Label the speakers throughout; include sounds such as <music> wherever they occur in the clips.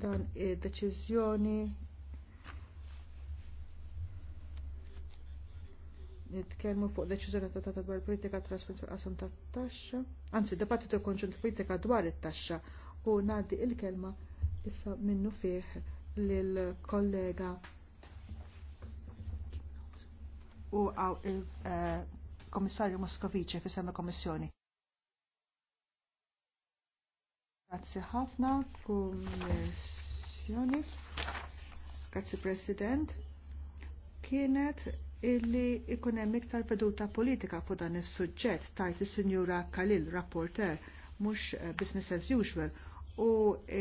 Speaker 1: dan id-deċiżjoni nitkellmu fuq deċiżjoni ta' ta' dwar politika trasferenza qasam ta' taxxa, anzi dibattitu konċent politika dwar it-taxxa u ngħaddi il-kelma issa minnu fih lill kollega u għaw il-Komissarju Moskovici fi il eh, Kommissjoni. Grazie ħafna, kummissjoni. Grazie President. Kienet illi ikunem iktar veduta politika fuq dan is-suġġett tajt il sinjura Kalil, rapporter, mhux eh, business as usual, u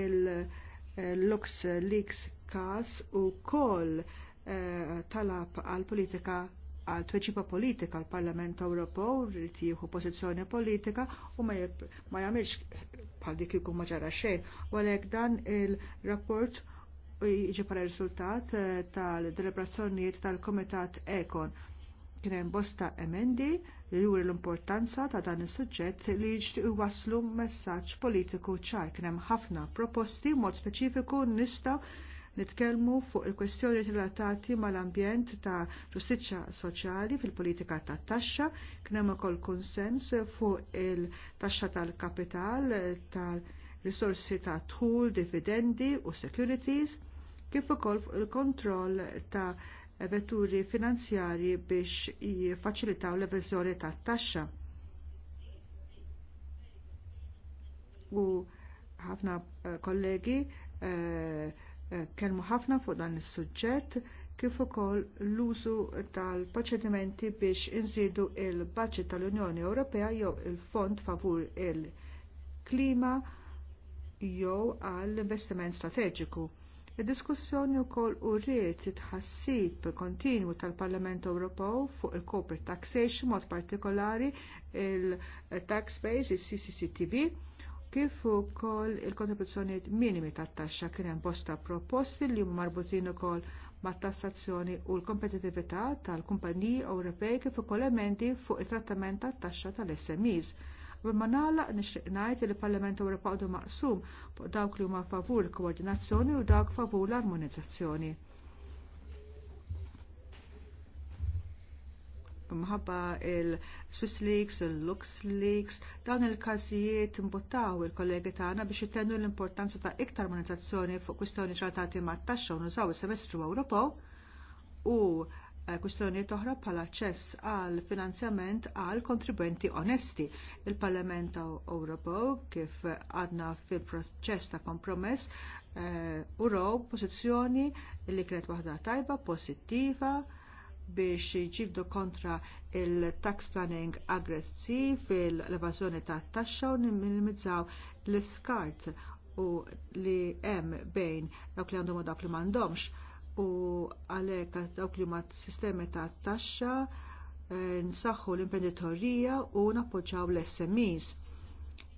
Speaker 1: il-Lux eh, Leaks kas u kol eh, talab għal politika għal tweċipa politika l-Parlament Ewropew rrid jieħu pożizzjoni politika u ma jagħmilx bħal dik ikun ma ġara xejn. Għalhekk dan il-rapport jiġi para riżultat eh, tal-deliberazzjonijiet tal-Komitat Ekon kien hemm bosta emendi li juri l-importanza ta' dan is-suġġett li jixtieq waslu messaġġ politiku ċar kien hemm ħafna proposti mod speċifiku nistgħu nitkellmu fuq il-kwestjoni relatati mal-ambjent ta' ġustizzja soċjali fil-politika ta' taxxa, kien hemm ukoll konsens fuq il-taxxa tal-kapital tal-risorsi ta' tħul, dividendi u securities, kif ukoll fuq il-kontroll ta' vetturi finanzjarji biex jiffaċilitaw l-eviżjoni tat taxxa. U ħafna eh, kollegi uh, kelmu ħafna fuq dan is-suġġett kif ukoll l-użu tal-proċedimenti biex inżidu l baġit tal-Unjoni Ewropea jew il-Fond favur il-klima jew għall investiment strateġiku. Id-diskussjoni wkoll uriet it-ħassib kontinwu tal-Parlament Ewropew fuq il-corporate taxation mod partikolari il-tax base, il-CCCTB, il tax base il ccctv il ccctb kif ukoll il-kontribuzzjonijiet minimi tat-taxxa kien hemm bosta proposti li huma marbutin ukoll mat-tassazzjoni u l-kompetitività tal-kumpaniji Ewropej kif ukoll elementi fuq it-trattament tat-taxxa tal-SMEs. Imma nagħlaq nixtieq ngħid li l-Parlament Ewropew għadu maqsum fuq dawk li huma favur il-koordinazzjoni u dawk favur l-armonizzazzjoni. mħabba il-Swiss Leaks, il-Lux Leaks, dawn il-każijiet imbuttaw il-kollegi tagħna biex jitennu l-importanza ta' iktar monetizzazzjoni fuq kwistjoni tratati ma' taxxa u nużaw is-semestru Ewropew u eh, kwistjonijiet oħra bħala aċċess għal finanzjament għal kontribwenti onesti. Il-Parlament Ewropew kif għadna fil-proċess ta' kompromess eh, uraw pożizzjoni li kienet waħda tajba, pożittiva, biex jġibdu kontra il-tax planning aggressiv fil evażjoni ta' taxxa u nimminimizzaw l-iskart u li hemm bejn dawk li għandhom u dawk li m'għandhomx u għalhekk dawk li huma sistemi ta' taxxa eh, nsaħħu l-imprenditorija u nappoġġaw l-SMEs.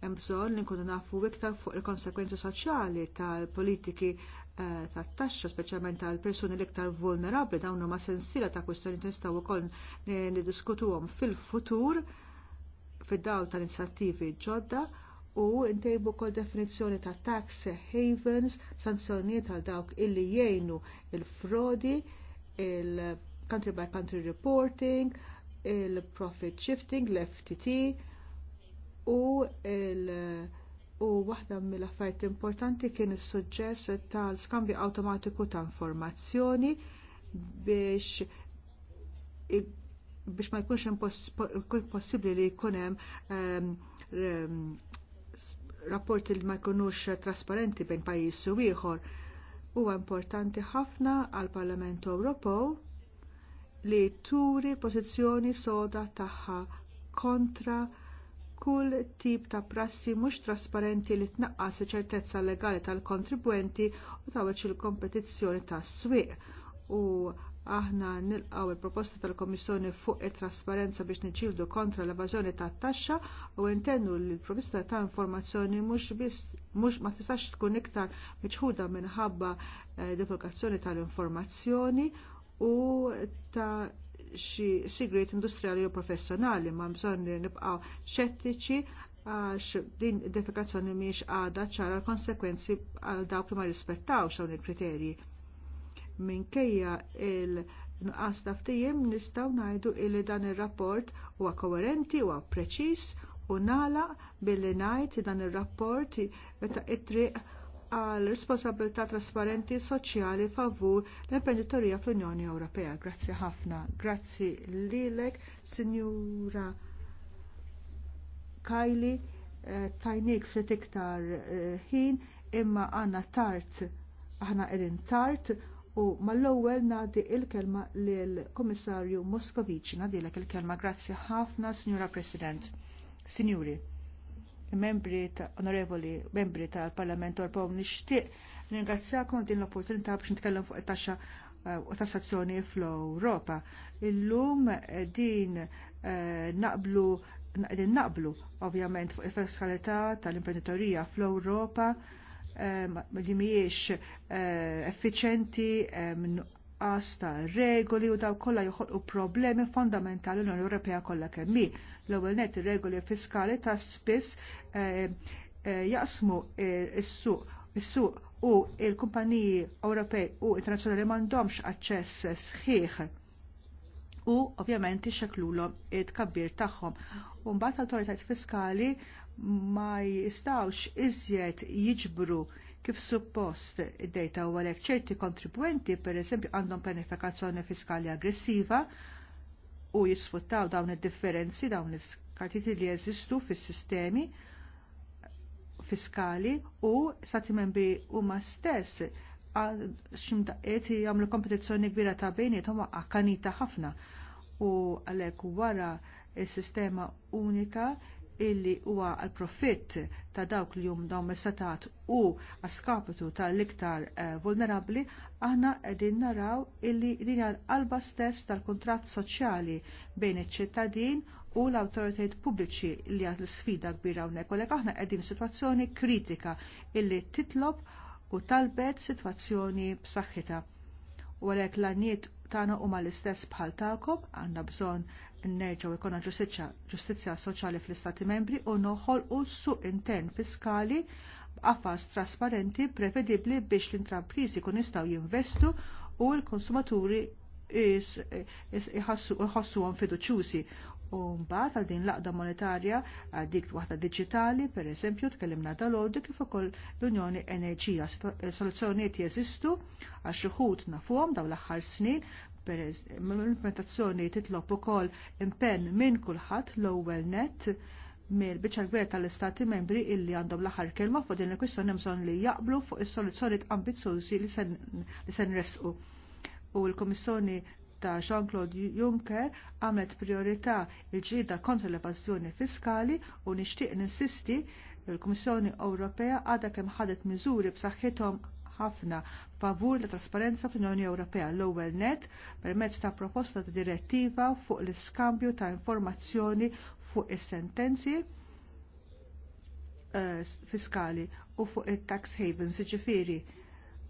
Speaker 1: Hemm bżonn li nkunu nafu iktar fuq il konsegwenzi soċjali tal-politiki Eh, tat-taxxa, speċjalment għal persuni l-iktar vulnerabbli dawn huma sensiela ta' kwistjoni nistgħu wkoll niddiskutuhom fil-futur fid-dawl ta' inizjattivi ġodda u ntejbu wkoll definizzjoni ta' tax havens, sanzjonijiet għal dawk illi jgħinu il-frodi, il-country by country reporting, il-profit shifting, l-FTT u il- u waħda mill-affarijiet importanti kien is-suġġess tal-skambju awtomatiku ta' informazzjoni biex biex ma jkunx possibbli li jkun hemm ehm, rapport rapporti li ma jkunux trasparenti bejn pajjiż u ieħor huwa importanti ħafna għall Parlament Ewropew li turi pożizzjoni soda tagħha kontra kull tip ta' prassi mhux trasparenti li tnaqqas ċertezza legali tal-kontribwenti u taweċ il-kompetizzjoni tas-swieq u aħna nilqgħu il-proposta tal kummissjoni fuq it trasparenza biex niċildu kontra l-evażjoni tat-taxxa u intennu li l-provista ta' informazzjoni mhux biss mhux ma tistax tkun iktar miċħuda minħabba eh, divulgazzjoni tal-informazzjoni u ta' xi sigriet industrijali u professjonali ma bżonn li nibqgħu xettiċi għax din id-defikazzjoni mhix għadha ċara l-konsekwenzi għal dawk li ma rispettawx hawn il-kriterji. Minkejja il- Nuqqas taftijem nistgħu ngħidu li dan ir-rapport huwa koerenti huwa preċiż u nagħlaq billi ngħid dan ir-rapport meta it-triq għal responsabilità trasparenti soċjali favur l-imprenditorija fl-Unjoni Ewropea. Grazzi ħafna. Grazzi lilek, Sinjura Kajli, eh, tajnik ftit iktar eh, ħin, imma għanna tart, aħna edin tart, u mal-ewwel nadi il-kelma lill-Komissarju Moskovici, nadilek il-kelma. Grazzi ħafna, Sinjura President. Sinjuri membri ta' onorevoli membri tal-Parlament Ewropew nixtieq ringrazzjakom din l-opportunità biex nitkellem fuq it-taxxa eh, u tassazzjoni fl-Europa. Illum eh, din eh, naqblu din naqblu ovvjament fuq il-fiskalità tal-imprenditorija fl-Europa li mhijiex effiċenti inqas ta' regoli u daw kollha joħolqu problemi fondamentali l-Unjoni Ewropea kollha kemm hi. L-ewwel net regoli fiskali ta' spiss eh, eh, jaqsmu eh, is-suq is-suq u l-kumpaniji Ewropej u internazzjonali m'għandhomx aċċess sħiħ u ovvjament ixxeklulhom it-tkabbir tagħhom. U mbagħad l-awtoritajiet fiskali ma jistawx iżjed jiġbru kif suppost id-dejta u għalek ċerti kontribwenti, per eżempju, għandhom pianifikazzjoni fiskali aggressiva u jisfuttaw dawn id-differenzi, dawn l skartiti li jeżistu fis-sistemi fiskali u sati membri huma stess ximdaqqiet jamlu kompetizzjoni kbira ta' bejnietom akkanita ħafna u għalhekk wara s-sistema unika illi huwa għal profitt ta' dawk li jum dawn messatat setat u għaskapitu tal-iktar eh, vulnerabbli, aħna qegħdin naraw illi din għal stess tal kontrat soċjali bejn iċ-ċittadin u l-autoritajt pubbliċi li għad l-sfida kbira hawnhekk. Għalek aħna qegħdin situazzjoni kritika illi titlob u talbet situazzjoni b'saħħitha u għalhekk l-għaniet tagħna huma l-istess bħal tagħkom, għandna bżonn nerġgħu jkollna ġustizzja soċjali fl-Istati Membri u u su intern fiskali b'qafas trasparenti prevedibbli biex l-intrapriżi kun jistgħu jinvestu u l-konsumaturi jħossuhom fiduċjużi U mbagħad għal din laqda monetarja għal dik waħda diġitali, pereżempju tkellimna dal-għodu kif ukoll l-Unjoni Enerġija. Soluzzjonijiet jeżistu għal xi wħud daw dawn l-aħħar snin l-implementazzjoni titlob ukoll impenn minn kulħadd l-ewwel net mill biċċa gwer tal-istati membri illi għandhom l-aħħar kelma fuq din il-kwistjoni bżonn li jaqblu fuq is-soluzzjonijiet ambizzużi li se nresqu u l-Komissjoni ta' Jean-Claude Juncker għamlet priorità il-ġida kontra l-evażjoni fiskali u nixtieq insisti il-Kummissjoni Ewropea għadha kemm ħadet miżuri b'saħħithom ħafna favur la trasparenza fl-Unjoni Ewropea l-ewwel net permezz ta' proposta ta' direttiva fuq l-iskambju ta' informazzjoni fuq is-sentenzi uh, eh, fiskali u fuq it tax havens, ġifiri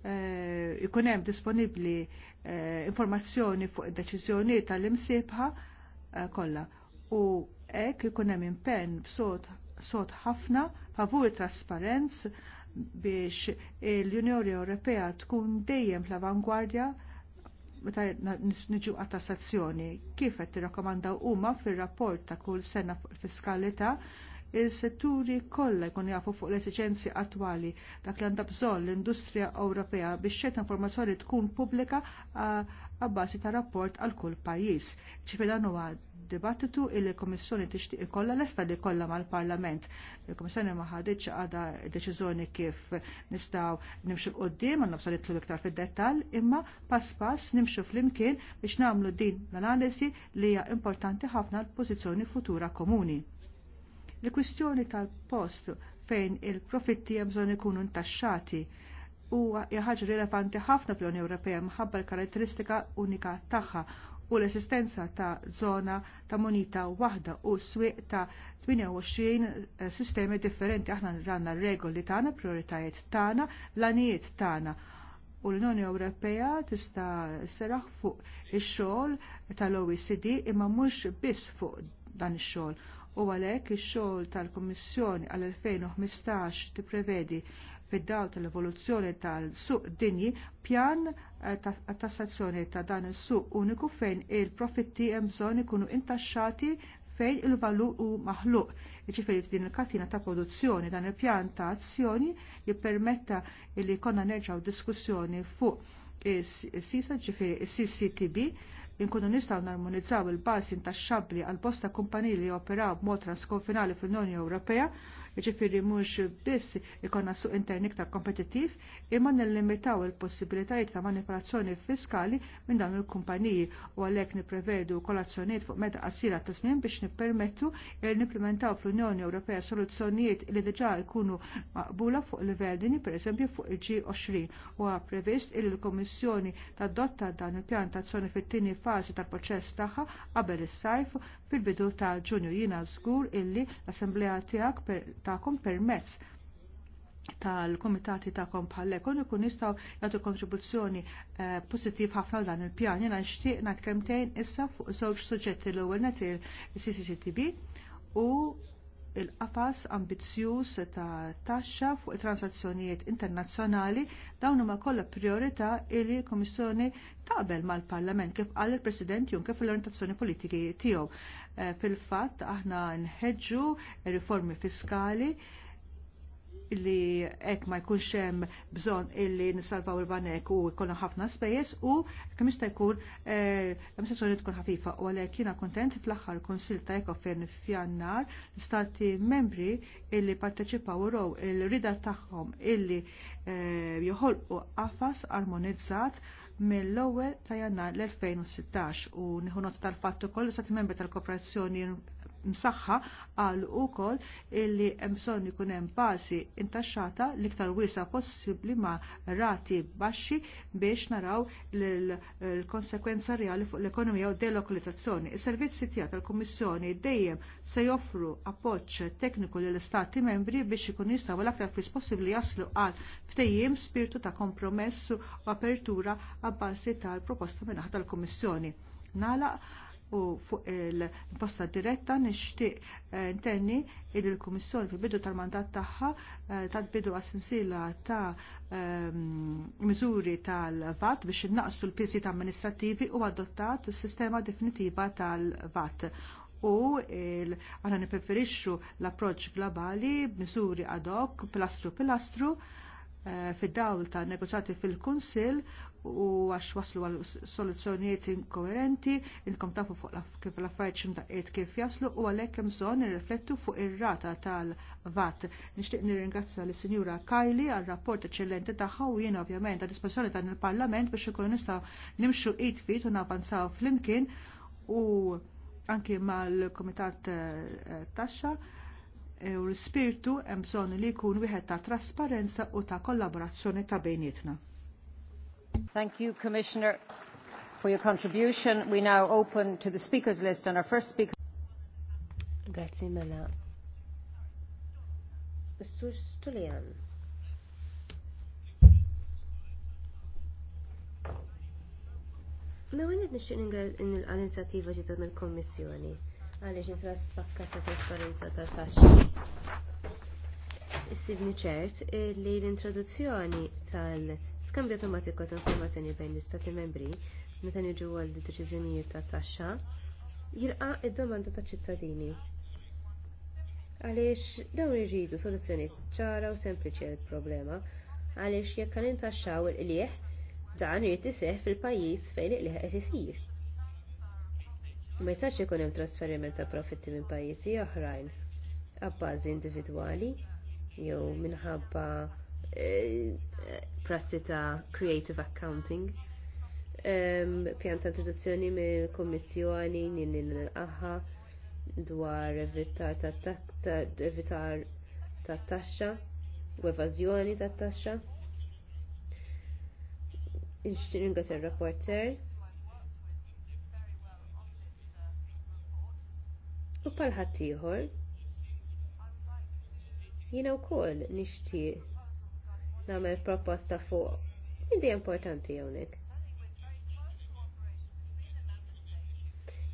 Speaker 1: Eh, ikun hemm disponibbli eh, informazzjoni fuq id deċizjoni tal-imsiebħa eh, kollha u hekk ikun hemm impenn b'sod ħafna favur trasparenz biex l-Unjoni Ewropea tkun dejjem fl-avangwardja meta niġu għat-tassazzjoni kif qed tirrakkomandaw huma fir-rapport ta' kull sena fiskalità il-setturi kollha jkun jafu fuq l-esiġenzi attwali dak li għandha bżonn l-industrija Ewropea biex xejn informazzjoni tkun pubblika abbażi ta' rapport għal kull pajjiż. Ċifi dan huwa dibattitu il komissjoni tixtieq ikollha lesta li kollha mal-Parlament. Il-Komissjoni ma ħadiċ għadha deċiżjoni kif nistgħu nimxu qudiem għandna bżonn nitlu iktar fid-dettall, imma pass pass nimxu flimkien biex nagħmlu din l-analisi li hija importanti ħafna l-pożizzjoni futura komuni l kwistjoni tal-post fejn il-profitti hemm bżonn ikunu ntaxxati huwa ħaġa rilevanti ħafna fl-Unjoni Ewropea mħabba l-karatteristika unika tagħha u l-esistenza ta' żona ta' monita waħda u swieq ta' 28 eh, sistemi differenti aħna ranna regoli tagħna, prioritajiet tagħna, l-anijiet tagħna. U l-Unjoni Ewropea tista' seraħ fuq ix-xogħol tal-OECD imma mhux biss fuq dan ix-xogħol u għalhekk ix-xogħol tal-Kummissjoni għal-2015 tipprevedi fid-daw tal-evoluzzjoni tal-suq dinji pjan eh, ta' tassazzjoni ta' dan is-suq uniku fejn il-profitti hemm bżonn ikunu intaxxati fejn il valu u maħluq. Ġifieri din il-katina ta' produzzjoni dan il-pjan ta' azzjoni jippermetta li konna nerġgħu diskussjoni fuq is-sisa ġifieri is-CCTB inkunu nistgħu narmonizzaw il-basin tax-xabli għal bosta kumpaniji li operaw b'mod transkonfinali fil-Unjoni Ewropea Ġifiri mux biss ikonna suq intern iktar kompetittiv imma nillimitaw il-possibilitajiet ta' manipolazzjoni fiskali minn dawn il-kumpaniji u għalhekk niprevedu kolazzjonijiet fuq meta qasira ta' żmien biex nippermettu il nipplementaw fl-Unjoni Ewropea soluzzjonijiet li diġà jkunu maqbula fuq livell dini pereżempju fuq il-G20 u għa previst il l-Kommissjoni tadotta dan il-pjan ta' tazzjoni fit-tieni fażi tal-proċess tagħha qabel is-sajf fil-bidu ta' Ġunju jiena żgur illi l-Assemblea tiegħek tagħkom permezz tal-komitati ta'kom bħal ekon ikun jistgħu jagħtu kontribuzzjoni eh, pożittiv ħafna dan il-pjan jiena nixtieq ngħid kemmtejn issa fuq żewġ suġġetti l-ewwel net il-CCCTB u il-qafas ambizzjuż ta' taxxa fuq it transazzjonijiet internazzjonali dawn huma kollha priorità li l-Kummissjoni taqbel mal-Parlament kif qal il-President Juncker fil-orientazzjoni politiki tiegħu. Eh, fil-fatt aħna nħeġġu riformi fiskali li ek ma jkunx hemm bżonn illi nisalvaw il-banek u jkollna ħafna spejjeż u kemm jista' jkun l-amministrazzjoni eh, tkun ħafifa u għalhekk jiena kuntent fl-aħħar konsil ta' Ekofin f'Jannar stati membri illi parteċipaw uraw il-rida tagħhom illi eh, joħolqu qafas armonizzat mill-ewwel ta' Jannar l-2016 u nieħu nota tal-fatt ukoll stati membri tal-Kooperazzjoni msaħħa għal ukoll illi hemm bżonn ikun hemm bażi intaxxata l-iktar wiesa possibbli ma' rati baxxi biex naraw l-konsekwenza reali fuq l-ekonomija u delokalizzazzjoni. Is-servizzi tiegħek tal-Kummissjoni dejjem se joffru appoġġ tekniku lill istati membri biex ikun jistgħu l-aktar fis possibbli jaslu għal ftejjim spirtu ta' kompromess u apertura għabbażi tal-proposta minn tal-Kummissjoni. Nala u fuq il-posta diretta nixtieq eh, intenni id il komissjoni fil-bidu tal-mandat tagħha eh, tal-bidu għas-sensiela ta' ehm, miżuri tal-VAT biex innaqsu l-piżi amministrativi u adottat s sistema definitiva tal-VAT u għana nipreferixxu l-approċ globali b'miżuri ad hoc pilastru pilastru eh, fid-dawl ta' negozjati fil-Kunsill u għax waslu għal soluzzjonijiet inkoerenti, inkom tafu fuq kif l-affarijiet ximdaqiet kif jaslu u għalhekk hemm bżonn nirriflettu fuq ir-rata tal-VAT. Nixtieq nirringrazzja lis sinjura Kajli għal rapport eċċellenti tagħha u jiena ovvjament għad dispożizzjoni tan il-Parlament biex ikun nistgħu nimxu id fit u navanzaw flimkien u anki mal-Komitat eh, Taxxa eh, u l-spirtu hemm bżonn li jkun wieħed ta' trasparenza u ta' kollaborazzjoni ta' bejnietna. Thank you, Commissioner, for your contribution. We now open
Speaker 2: to the speakers list and our first speaker. Grazie mela. Mr. Stulian. mill-Kommissjoni spakka ta' trasparenza taxxi Sibni ċert eh, li l-introduzzjoni -tal skambju automatiku ta' informazzjoni bejn l-istati membri meta niġu għal deċiżjonijiet ta' taxxa jilqa' id-domanda ta' ċittadini. Għaliex dawn irridu soluzzjoni ċara u sempliċi għal problema għaliex jekk kan intaxxaw il-qlieħ dan irid iseħħ fil-pajjiż fejn il-qlieħ qed isir. Ma jistax ikun hemm trasferiment ta' profitti minn pajjiżi oħrajn għabbażi individwali jew minħabba Eh, prassi ta' creative accounting. Pjan ta' introduzzjoni mill kommissjoni nin l-aħħa dwar evitar ta' taxxa u evażjoni ta' taxxa. Nixtieq ringrazzja r-rapporter. U bħal ħaddieħor u wkoll nixtieq nagħmel proposta fuq. Indi importanti hawnhekk.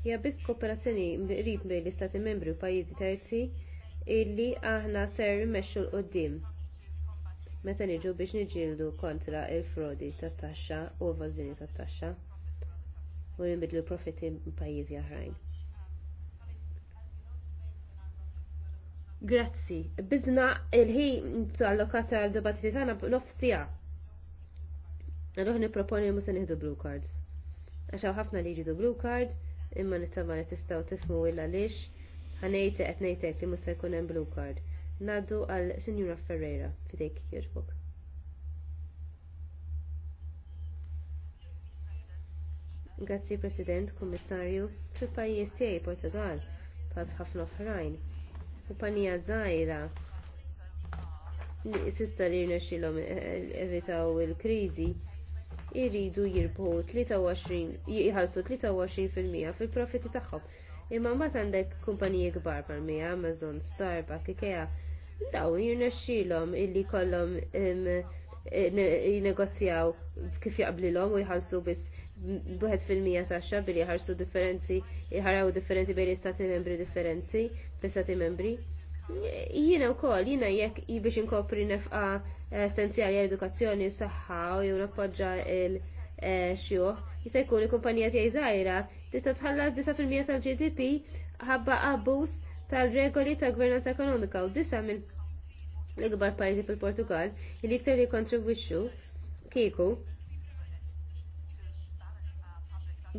Speaker 2: Ja biss kooperazzjoni qrib bejn l-Istati Membri u pajjiżi terzi illi aħna ser mexxu l qudiem meta niġu biex niġildu kontra l frodi tat-taxxa u evażjoni tat-taxxa u nibidlu profitti pajjiżi oħrajn. Grazzi. Bizna il-ħin allokata għal dibattiti tagħna b'nofsija. Allora nipproponi musa se nieħdu blue cards. Għax ħafna li jridu blue card, imma nittama li tistgħu tifhmu il għaliex ħanejt qed ngħidlek li mhux se jkun hemm blue card. Naddu għal Sinjura Ferreira fidejk jogħġbok. Grazzi President, Kummissarju, fil-pajjiż tiegħi Portugal, bħal ħafna oħrajn kumpanija żgħira sista li rnexxilhom eh, eh, evitaw il-kriżi Jridu jirbħu 23 jħallsu 23% fil-profitti tagħhom. Imma mbagħad għandek kumpaniji kbar bħalmija Amazon, Starbucks, IKEA, daw jirnexxilhom illi kollhom jinnegozjaw kif jaqblilhom u jħallsu biss b fil-mija taxxa billi jħarsu differenzi, jħaraw differenzi bejn istati membri differenzi l-istati membri. Jiena wkoll jiena jekk biex inkopri nefqa essenzjali edukazzjoni s saħħa u jew nappoġġa il-xjuħ, jista' jkun il-kumpanija tiegħi żgħira tista' tħallas 9% tal-GDP ħabba abbus tal-regoli ta' gvernanza ekonomika u disa minn l-ikbar pajjiżi fil-Portugal li iktar jikkontribwixxu kieku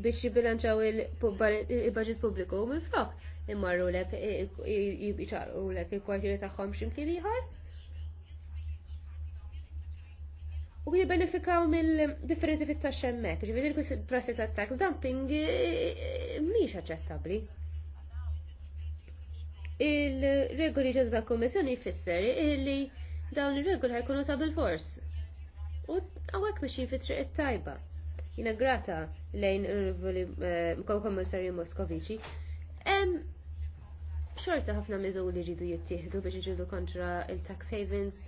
Speaker 2: biex jibbilanċaw il-budget pubbliku minn flok imarru lek jibiċaru lek il kwartiri tagħhom x'imkien ieħor. U jibbenefikaw mill-differenzi fit taxxemmek hemmhekk, ġifieri kus prassi ta' tax dumping miex aċċettabbli. Il-regoli ġodda ta' kommissjoni jfisser li dawn ir-regoli ħajkunu ta' bil-fors. U għawek mexin fi triq it-tajba. Jina grata lejn il-Kommissarju eh, Moskovici. Xorta ħafna miżuri li jridu jittieħdu biex iġidu kontra il-tax havens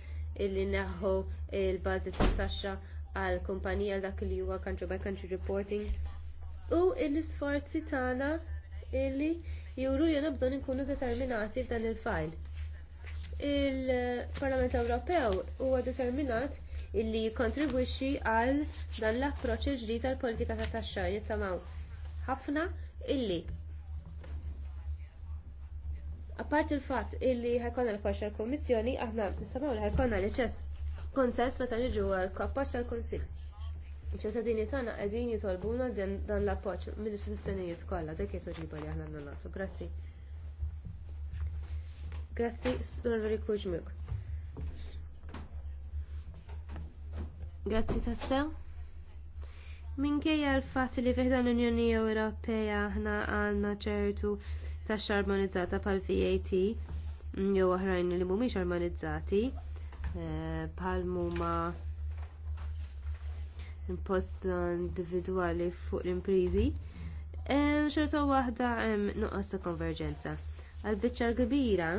Speaker 2: illi neħħu il-bażi tat-taxxa għal kumpanija dak li huwa country by country reporting u l-isforzi tagħna illi juru jena bżonn inkunu determinati f'dan il-fajl. Il-Parlament Ewropew huwa determinat illi jikkontribwixxi għal dan l-approċċ ġdid tal-politika ta' taxxa jinsamaw ħafna illi Apart il-fatt illi ħajkonna l-kwaċ l komissjoni aħna nisamaw li ħajkonna l-ċess konsens meta niġu għal-kwaċ tal konsil ċittadini tagħna qegħdin jitolbuna dan l-appoġġ mill-istituzzjonijiet kollha, dik qed toġiba li aħna nagħtu. Grazzi. Grazzi, Sorveri kuġmuk. Grazzi tassew. Minkejja l fat li fiħdan l-Unjoni Ewropea aħna għandna ċertu taxxa armonizzata pal VAT jew oħrajn li mhumiex armonizzati bħal eh, huma impost individwali fuq l-imprizi. E, xorta waħda hemm nuqqas ta' konverġenza. Għal-biċċa kbira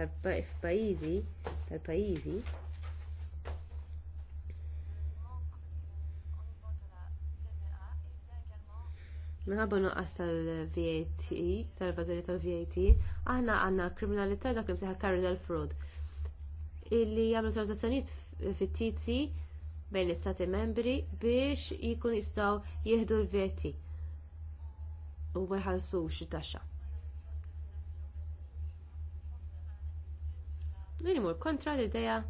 Speaker 2: tal tal-pajjiżi minħabba nuqqas tal-VAT, tal-evażjoni tal-VAT, aħna għandna kriminalità dak imsejħa carousel fraud illi jagħmlu transazzjonijiet fittizji bejn l-istati membri biex jkun jistgħu jieħdu l-VAT u ma jħallsux it-taxxa. Minimur kontra l-idea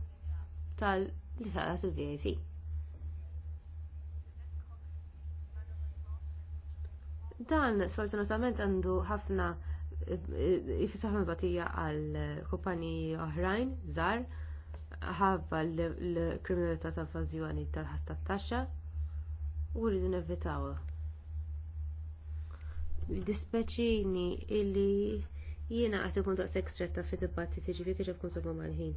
Speaker 2: tal-li il-VAT. Dan sfortunatament għandu ħafna ħafna batija għal kumpani oħrajn, żgħar, ħabba l-kriminalità tal-fażjoni tal-ħas taxxa u rridu nevitawha. Dispeċini illi jiena għat ikun daqshekk stretta fi dibattiti li tiġi ikun sobhom għall-ħin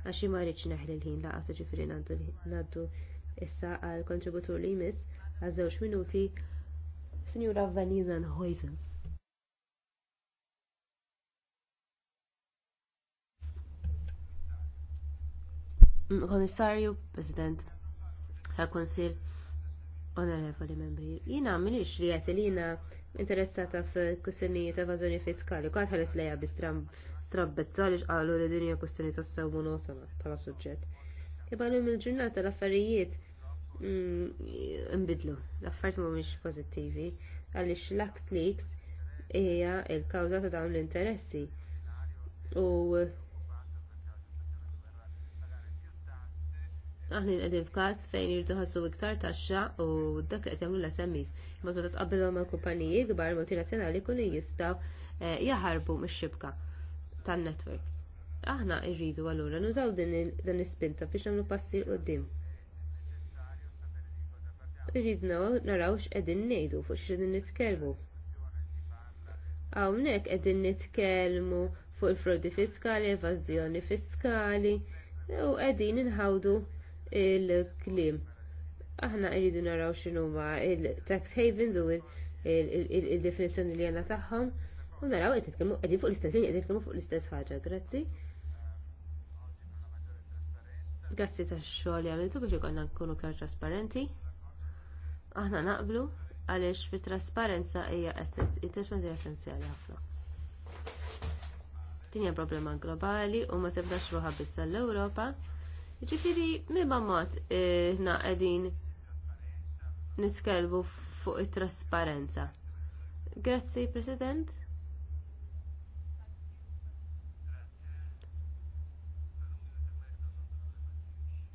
Speaker 2: għax xi ma rridx neħli l-ħin laqgħa ġifieri ngħaddu issa għall kontributur li jmiss għal żewġ minuti Signora Vanina Nhoisen. Mm, Komissarju, President tal-Konsil, onorevoli membri, jina minix li għet li jina interessata f f'kussjonijiet ta' evażjoni fiskali, kwa ħares leja bi strabbetta li xqalu li dinja kussjoni ta' sew monotona bħala suġġett. Ibalum il-ġurnata l-affarijiet Mm, nbidlu. L-affarijiet mhumiex pożittivi għaliex l-Axleaks hija l-kawża ta' dawn l-interessi. U aħna nqegħdin f'każ fejn jridu ħassu iktar taxxa u dak qed jagħmlu l-SMEs. Imma meta tqabbilhom ma' kumpaniji kbar multinazzjonali jkunu jistgħu eh, jaħarbu mix-xibka tan netwerk Aħna rridu allura nużaw din l-ispinta biex nagħmlu passi l qudiem irridna naraw x'qegħdin ngħidu fuq x'qegħdin nitkellmu. Hawnhekk qegħdin nitkellmu fuq il-frodi fiskali, evażjoni fiskali u qegħdin inħawdu il-kliem. Aħna rridu naraw x'inhuma il-tax havens u il-definizzjoni li għandna tagħhom u naraw qed titkellmu qegħdin fuq l-istess qed titkellmu fuq l-istess ħaġa. Grazzi. Grazzi tax-xogħol li għamiltu biex ikollna nkunu trasparenti. Aħna naqblu għaliex fit trasparenza hija essenzjali essenzjali ħafna. Tinja problema globali u ma tibdax ruħa biss l-Ewropa. Ġifiri, mibba mod ħna qegħdin niskelbu fuq it-trasparenza. Grazzi, President.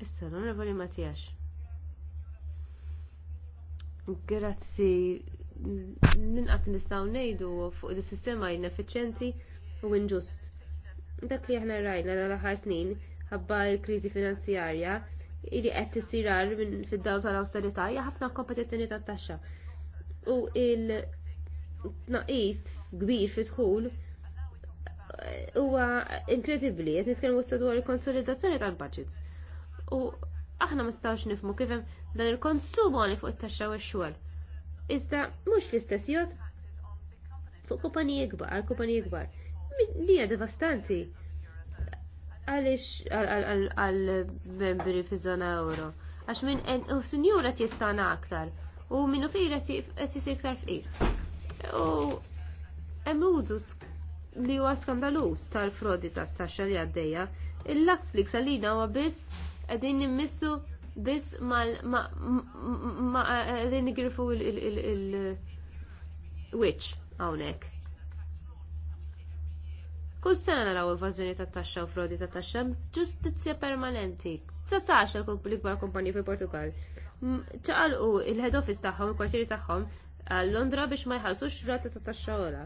Speaker 2: Issa, l-Onorevoli Mattijax. Grazzi, ninqas nistgħu ngħidu fuq is sistema ineffiċjenti u inġust. Dak li aħna rajna l-aħħar snin ħabba l-kriżi finanzjarja li qed tisirar minn fid-dawl tal-awsterità hija ħafna kompetizzjoni tat-taxxa. U il tnaqqis kbir fi dħul eh, huwa inkredibbli qed nitkellmu dwar il-konsolidazzjoni tal-budgets. U aħna ma stawx nifmu kif hemm dan il-konsum għali fuq it-taxxa u xogħol Iżda mhux l-istess jod fuq kumpaniji kbar, għal kumpaniji kbar. Li hija devastanti għaliex għal membri fi żona euro. Għax minn u sinjur qed jistana aktar u minnu fir qed jisir iktar fqir. U hemm użu li huwa skandaluż tal-frodi tas-taxxa li għaddejja, il-laks li għalina huwa biss qegħdin nimmissu biss mal ma li nigrifu il-witch hawnhekk. Kull sena il-vażjoni ta' taxxa u frodi ta' taxxa ġustizzja permanenti. 19 l-ikbar kumpanji fi Portugal. ċaqalqu il-head office tagħhom, il-kwartieri tagħhom, Londra biex ma jħallsux rata ta' taxxa ola.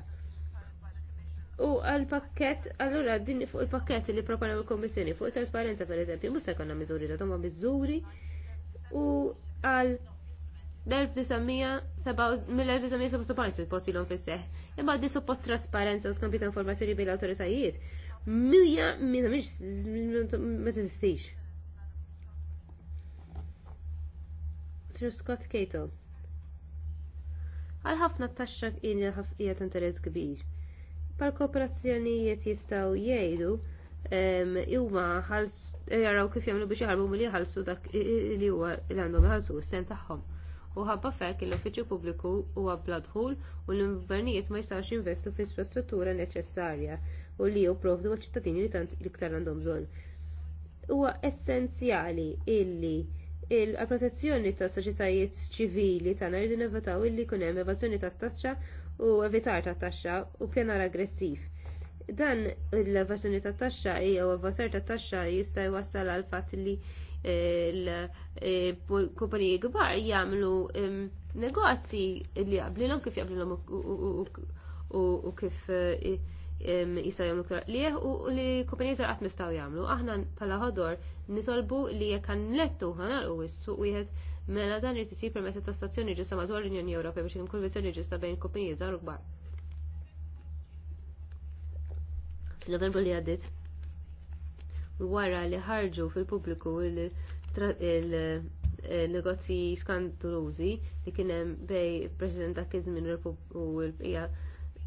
Speaker 2: U għal-pakket, allora din fuq il-pakket li proponaw il-Kommissjoni fuq trasparenza per eżempju, musa konna miżuri da tomma miżuri u għal 1977 1977 posti l fis fisseħ, Imma di suppost trasparenza u skompita informazzjoni bil awtoritajiet Mija minna miex ma tiżistix. Sir Scott Cato. Għal ħafna taxxa hija ta' interess kbir pal kooperazzjonijiet jistgħu jgħidu huma jaraw kif jagħmlu biex jaħarbu milli jħallsu dak li huwa li għandhom jħallsu s-sen tagħhom. U ħabba fekk l-uffiċċju pubbliku huwa bla dħul u l-gvernijiet ma jistgħux jinvestu fl-infrastruttura neċessarja u li jipprovdu għal-ċittadini li tant iktar għandhom bżonn. Huwa essenzjali illi il-protezzjoni tas soċjetajiet ċivili tagħna jridu nevetaw illi jkun hemm evazzjoni tat-taxxa u evitar ta' taxxa u pjanar aggressiv. Dan l-evasjoni ta' taxxa jew evasar ta' taxxa jista' jwassal għal fatt li eh, l-kumpaniji eh, kbar jagħmlu negozji li jaqblilhom kif jaqblilhom u kif eh, jistaw jagħmlu kra lieh u li kumpaniji żraqat mistgħu jagħmlu. Aħna bħala ħodor nisolbu li jekk nlettu ħanalqu is-suq wieħed Mela dan irid isir permezz ta' stazzjoni ġusta madwar l-Unjoni Ewropea biex konvenzjoni ġusta bejn kumpaniji żgħar u kbar. fil li għaddit wara li ħarġu fil-pubbliku il-negozji skandalużi li kien hemm bej President Akizmin u l-bqija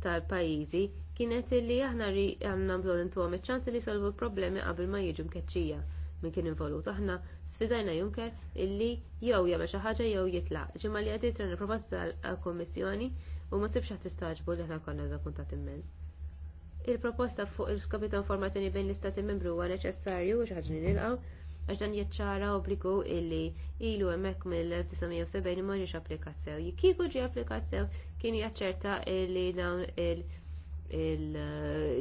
Speaker 2: tal-pajjiżi kienet li aħna għandna bżonn intuhom iċ-ċans li solvu problemi qabel ma jiġu mkeċċija min kien involut. Aħna sfidajna Juncker illi jew jagħmel xi ħaġa jew jitlaq. Ġimgħa li għadiet rana proposta tal-Kommissjoni u ma sibx tistaġbu li aħna konna żappuntat immens. Il-proposta fuq il-kapita informazzjoni bejn l-Istati membru huwa neċessarju u xi ħaġa nilqgħu għax dan jiċċara obbligu illi ilu hemmhekk mill-1970 ma ġiex applikat sew. Kieku ġie applikat sew kien jaċċerta illi dawn il-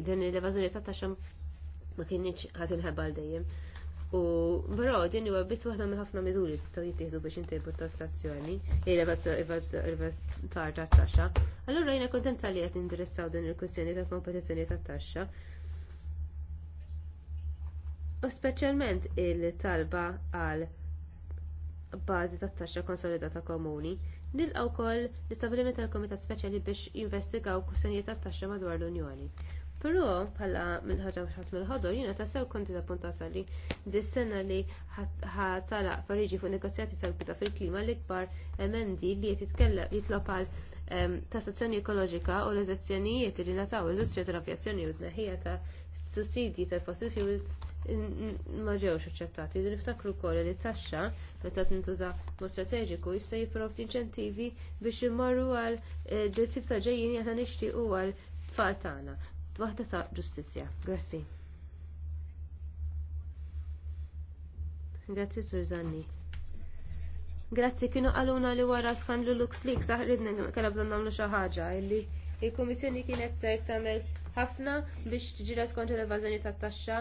Speaker 2: din l-evażjoni ta' taxxa ma kienx ħadd inħebba dejjem. U però din huwa biss waħda minn ħafna miżuri tistgħu jittieħdu biex intejbu tassazzjoni, tar tat-taxxa. Allura jiena kuntenta li qed ninteressaw din il-kwistjoni ta' kompetizzjoni tat-taxxa. U speċjalment il-talba għal bażi tat-taxxa konsolidata komuni, nilqgħu wkoll l-istabbiliment tal-Kumitat Speċjali biex jinvestigaw kwistjonijiet tat-taxxa madwar l-Unjoni Però bħala mill-ħaġa ħadd mill-ħodor jiena tassew konti appuntata li dis-sena li ħatalaq Pariġi fuq negozjati tal-bita fil-klima l-ikbar emendi li qed jitkellem jitlob għal tassazzjoni ekoloġika u l-eżazzjonijiet li nataw l-industrija tal-avjazzjoni u d-naħija ta' sussidji tal-fossil fuels ma ġewx aċċettati. Jridu niftakru wkoll li taxxa meta tintuża mod strateġiku jista' jipprovdi inċentivi biex imorru għal eh, del ta' ġejjin aħna nixtiequ għal tfal tagħna waħda ta' ġustizzja. Grazzi. Grazzi Surzanni. Grazzi kienu għaluna li wara skandlu LuxLeaks aħridna kalla bżonn nagħmlu xi ħaġa illi il komissjoni kienet ser tagħmel ħafna biex tġira skont l evazjoni tat-taxxa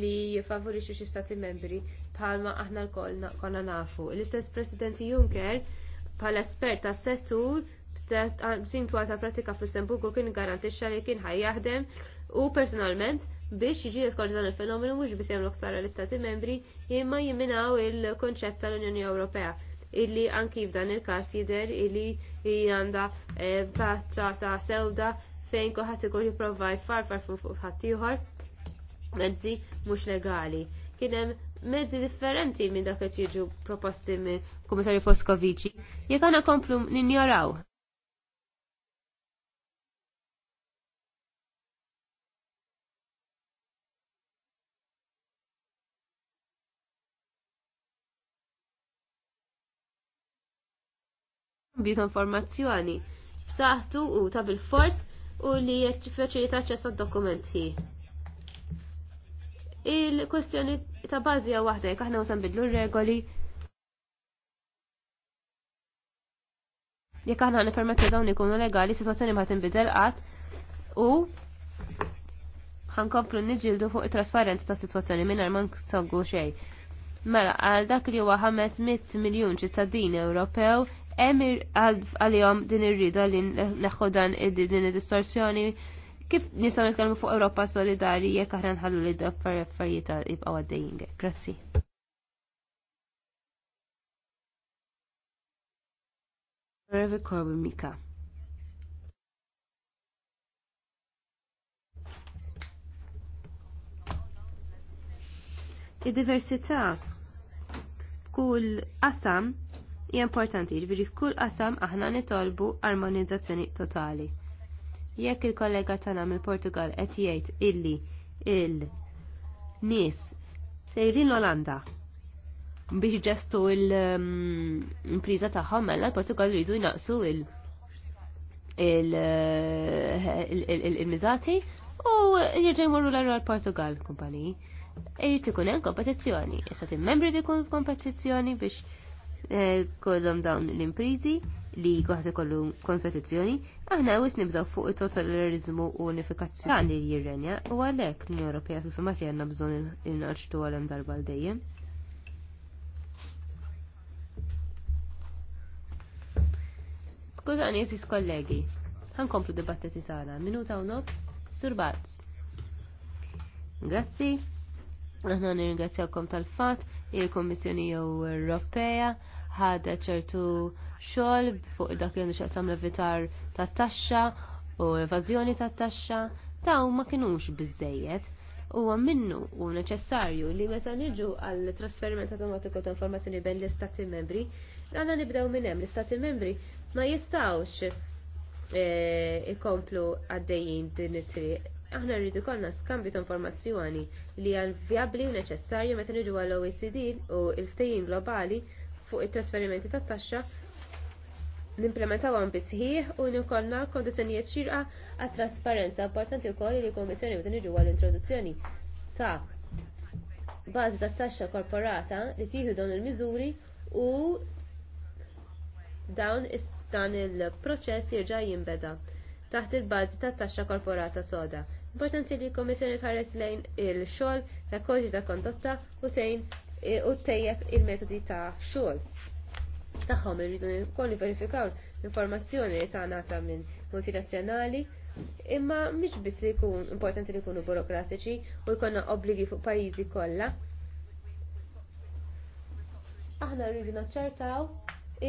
Speaker 2: li jifavorixxu xi stati membri bħalma aħna l-koll konna nafu. L-istess President Juncker bħala espert tas-settur b'sin twal ta' pratika f'Lussemburgu kien garantisċa li kien ħajjaħdem u personalment biex jiġi kol dan il-fenomenu mhux biss jemlu ħsara l-Istati membri imma jimminaw il-konċett tal-Unjoni Ewropea illi anki f'dan il-każ jidher illi għandha eh, paċċa ta' sewda fejn kulħadd ikun jipprova farfar fuq ħadd ieħor mezzi mhux legali. Kien hemm mezzi differenti minn dak li jiġu proposti minn Kummissarju Foskovici. Jekk għandna komplu ninjoraw bi informazzjoni b'saħħtu u ta' bil-fors u li jekk faċilita ċess dokumenti Il-kwestjoni ta' għu waħda jekk aħna għusan r-regoli jekk aħna nippermettu dawn ikunu legali, situazzjoni ma tinbidel qatt u ħankomplu niġildu fuq it-trasparenza ta' situazzjoni minn ma ksoggu xejn. Mela, għal dak li huwa 500 miljun ċittadin Ewropew hemm għalihom din ir-rida li neħħu id din id-distorsjoni kif nistgħu nitkellmu fuq Europa solidari jekk aħna nħallu li d-affarijiet jibqgħu għaddejjin. Grazzi. Revi Korbi Mika. Id-diversità kull qasam hija importanti jiġifieri f'kull qasam aħna nitolbu armonizzazzjoni totali. Jekk il-kollega tagħna mill-Portugal qed jgħid illi il-nies sejrin l-Olanda biex ġestu l-impriża um, tagħhom mela l-Portugal jridu jnaqsu il-miżati u jirġgħu jmorru l-Portugal kumpaniji irrid ikun hemm kompetizzjoni. Issa tim membri li jkun kompetizzjoni biex Eh, kollhom dawn l-imprizi li għahet kollu konfetizjoni, aħna għus nibżaw fuq il totalerizmu u unifikazzjoni għan li jirrenja u għalek l-Unjoni Ewropea fil fimati għanna bżon il-naċtu għalem darba l-dejjem. Skużani, jesis kollegi, ħankomplu dibattiti tagħna minuta u nof, surbat. Grazzi, aħna nirringrazzjawkom tal-fat, il-Kommissjoni Ewropea ħada ċertu xogħol fuq dak jenu xaqsam l ta' tat-taxxa u l-evażjoni tat-taxxa daw ma kienux biżejjed u minnu u neċessarju li meta niġu għal trasferiment automatiku ta' informazzjoni bejn l-istati membri, għanna nibdew minn hemm l-istati membri ma jistawx eh, ikomplu għaddejjin din it-triq. Aħna rridu konna skambju ta' informazzjoni li għal viabli u neċessarju meta niġu għall OECD u l-ftejjin globali fuq it-trasferimenti tat-taxxa nimplementaw għan bisħiħ u nikolna kondizjonijiet xirqa għat trasparenza importanti u koll li kommissjoni bħedin iġu għal-introduzzjoni ta' bazi ta' taxxa korporata li tiħu dawn il-mizuri u dawn dan il-proċess jirġa jimbeda taħt il-bazi ta' taxxa korporata soda. Importanti li l-Kommissjoni tħares lejn il-xogħol ta' kodiċi ta' kondotta u tejn u tejjeb il-metodi ta' xogħol. Tagħhom irridu nkolli verifikaw informazzjoni li tagħna minn multinazzjonali imma mhix biss li jkun importanti li jkunu burokratiċi u jkollna obbligi fuq pajjiżi kollha. Aħna rridu naċċertaw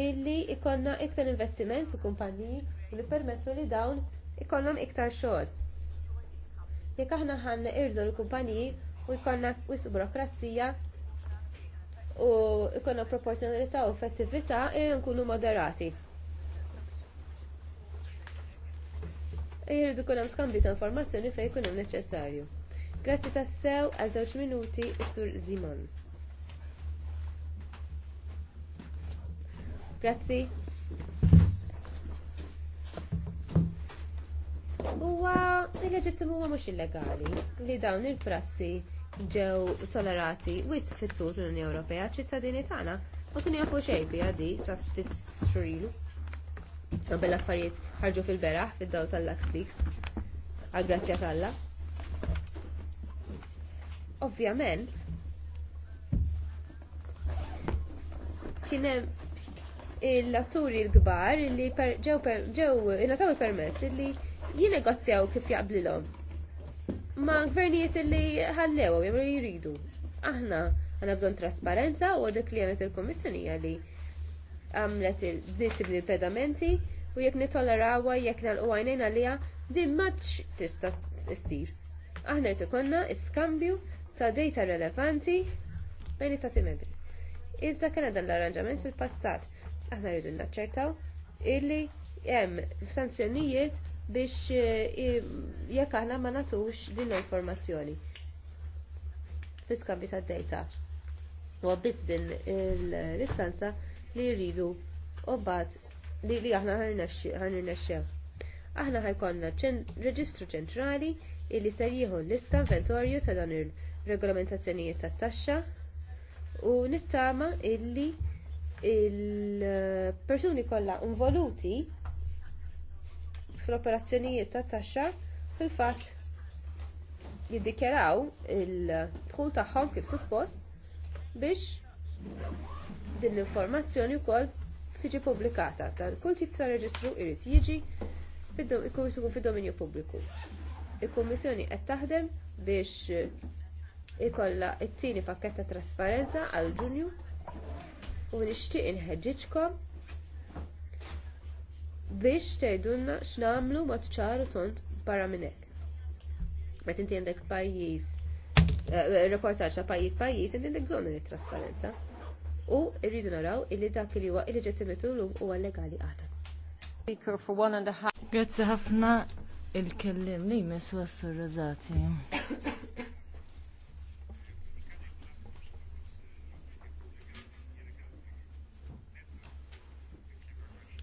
Speaker 2: illi jkollna iktar investiment fi kumpaniji u li permezzu li dawn ikollhom iktar xogħol. Jekk aħna ħanna irdu l-kumpaniji u jkollna wisq burokrazija u ikonna proporzjonalità u effettività e nkunu moderati. E Jiridu kun hemm ta' informazzjoni fejn ikun hemm neċessarju. Grazzi tassew għal żewġ minuti sur Zimon. Grazzi. Huwa il-leġittimu huwa mhux illegali li dawn il-prassi ġew tolerati wis fit-tul l-Unjoni Ewropea ċittadini tagħna ma kienu jafu xejn biha sa ftit xrilu. Qabel l-affarijiet ħarġu fil-beraħ fid-daw tal-Lux Leaks għal-grazzja talla. Ovvjament kien hemm il latturi l-kbar li ġew il-permess li jinegozjaw kif jaqblilhom ma' gvernijiet li ħallew jagħmlu li jridu. Aħna għandna bżonn trasparenza u għadek li għamet il-Kummissjonija li għamlet il-dittib pedamenti u jekk nitolerawa jekk nalqu għajnejn għalija di maċ tista' issir. Aħna rrid ikollna iskambju ta' data relevanti bejn stati membri. Iżda kena dan l-arranġament fil-passat. Aħna rridu naċċertaw illi hemm sanzjonijiet biex eh, jekk aħna ma nagħtux din l-informazzjoni. Fiskambi tad-dejta. U għabbis din l-istanza li jridu u bat li aħna ħarnirnexxew. Aħna ħajkonna reġistru ċentrali illi ser jieħu l-lista inventorju ta' dan ir-regolamentazzjonijiet tat-taxxa u nittama illi il-persuni eh, kollha involuti fl-operazzjonijiet ta' taxxa fil-fatt jiddikjaraw il-dħul tagħhom kif suppost biex din l-informazzjoni wkoll tiġi pubblikata tal-kull tip ta' reġistru irid jiġi ikun fid-dominju pubbliku. Il-Kummissjoni qed taħdem biex ikolla t tieni pakkett ta' trasparenza għal Ġunju u nixtieq inħeġġiġkom biex tgħidulna x'namlu mod ċaru tont barra minn hekk. Meta inti għandek pajjiż eh, reportaġġ ta' pajjiż pajjiż inti għandek bżonn trasparenza. U rridu naraw illi dak li huwa illeġittimitu l huwa legali għadha.
Speaker 3: Grazzi ħafna il-kellim li jmess wassur Rosati. <coughs>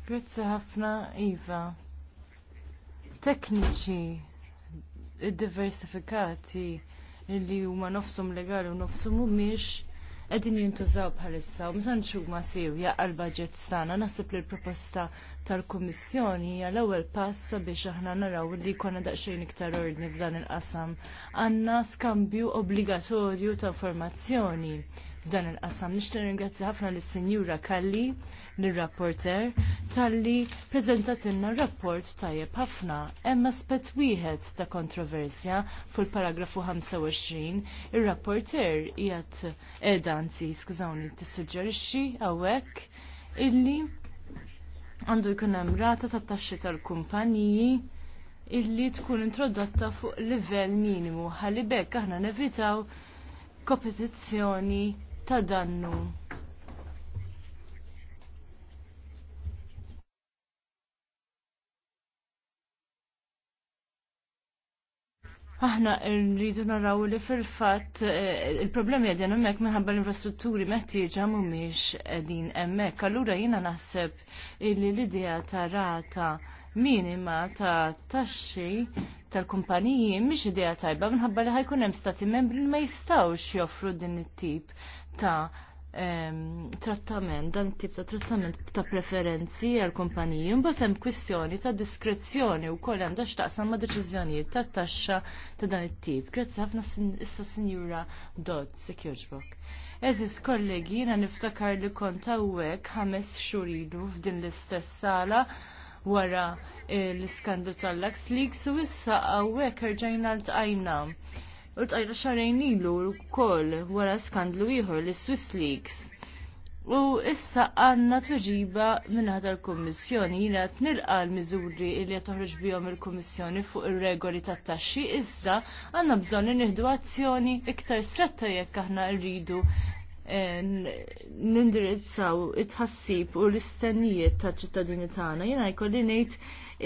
Speaker 3: Grazzi ħafna, Iva. Tekniċi diversifikati li huma nofsum legali u nofsum mhumiex għedin jintużaw bħalissa, u mżan ċugma siju jaqqa budget stana, nasib li l-proposta tal-Komissjoni hija l-ewwel pass biex aħna naraw li jkollna daqsxejn iktar ordni f'dan il-qasam. Għandna skambju obbligatorju ta' informazzjoni Dan il-qasam. Nixtieq ringrazzja ħafna lis sinjura Kalli, lir-rapporter, talli prezentatinna rapport tajjeb ħafna. Hemm spet wieħed ta' kontroversja fuq paragrafu 25, ir-rapporter qiegħed edanzi, anzi skużawni tissuġġerixxi hawnhekk illi għandu jkun hemm rata ta' taxxi tal-kumpaniji illi tkun introdotta fuq livell minimu ħalli bekk aħna nevitaw kompetizzjoni ta' dannu. Aħna rridu naraw li fil-fatt eh, il-problemi għedin emmek minħabba l-infrastrutturi meħtieġa mhumiex din emmek. Allura jina naħseb li l-idea ta' rata minima ta' taxxi tal-kumpaniji mhix idea tajba minħabba li ħajkun hemm stati membri li ma jistgħux joffru din it-tip ta' trattament, dan tip ta' trattament ta' preferenzi għal kumpaniji, mbagħad hemm kwistjoni ta' diskrezzjoni u wkoll għandha x'taqsam ma' deċiżjonijiet ta' taxxa ta' dan it-tip. Grazzi ħafna issa Sinjura Dodd Securebok. Eżis kollegi, jiena niftakar li kont għek ħames xhur ilu f'din l-istess sala wara l iskandu tal-Lux Leaks u issa hawnhekk rġajna l-tqajna U tajra xarajn ilu wkoll wara skandlu ieħor li Swiss Leaks. U issa għanna tweġiba minna tal-Kommissjoni jina nilqa l-miżuri li toħroġ bihom il-Kommissjoni fuq ir-regoli tat-taxxi issa għanna bżonn li azzjoni iktar stretta jekk aħna rridu eh, nindirizzaw it-ħassib u l-istennijiet ta' ċittadini tagħna. Jina jkolli ngħid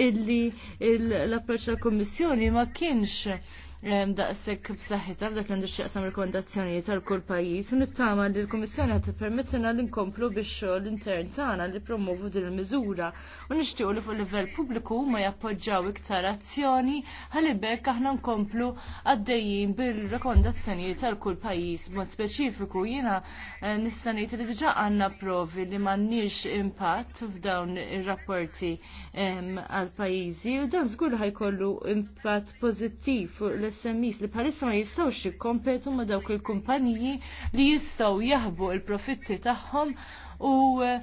Speaker 3: illi l-approċċ tal-Kommissjoni ma kienx daqshekk b'saħħitha f'dak l-għandu x'jaqsam rekomendazzjoni tal kull pajjiż u nittama li l-Kummissjoni qed tippermettilna li nkomplu bix-xogħol intern tagħna li promovu din il-miżura u nixtiequ li fuq livell pubbliku huma jappoġġjaw iktar azzjoni ħalibek aħna nkomplu għaddejjin bil rekomendazzjoni tal kull pajjiż b'mod speċifiku jiena eh, nista' ngħid li diġà għandna provi li m'għandniex impatt f'dawn ir-rapporti għal pajjiżi u dan żgur ħajkollu impatt pożittiv fuq l-SMEs li bħalissa ma jistawx jikkompetu ma dawk il-kumpaniji li jistaw jaħbu il-profitti tagħhom u eh,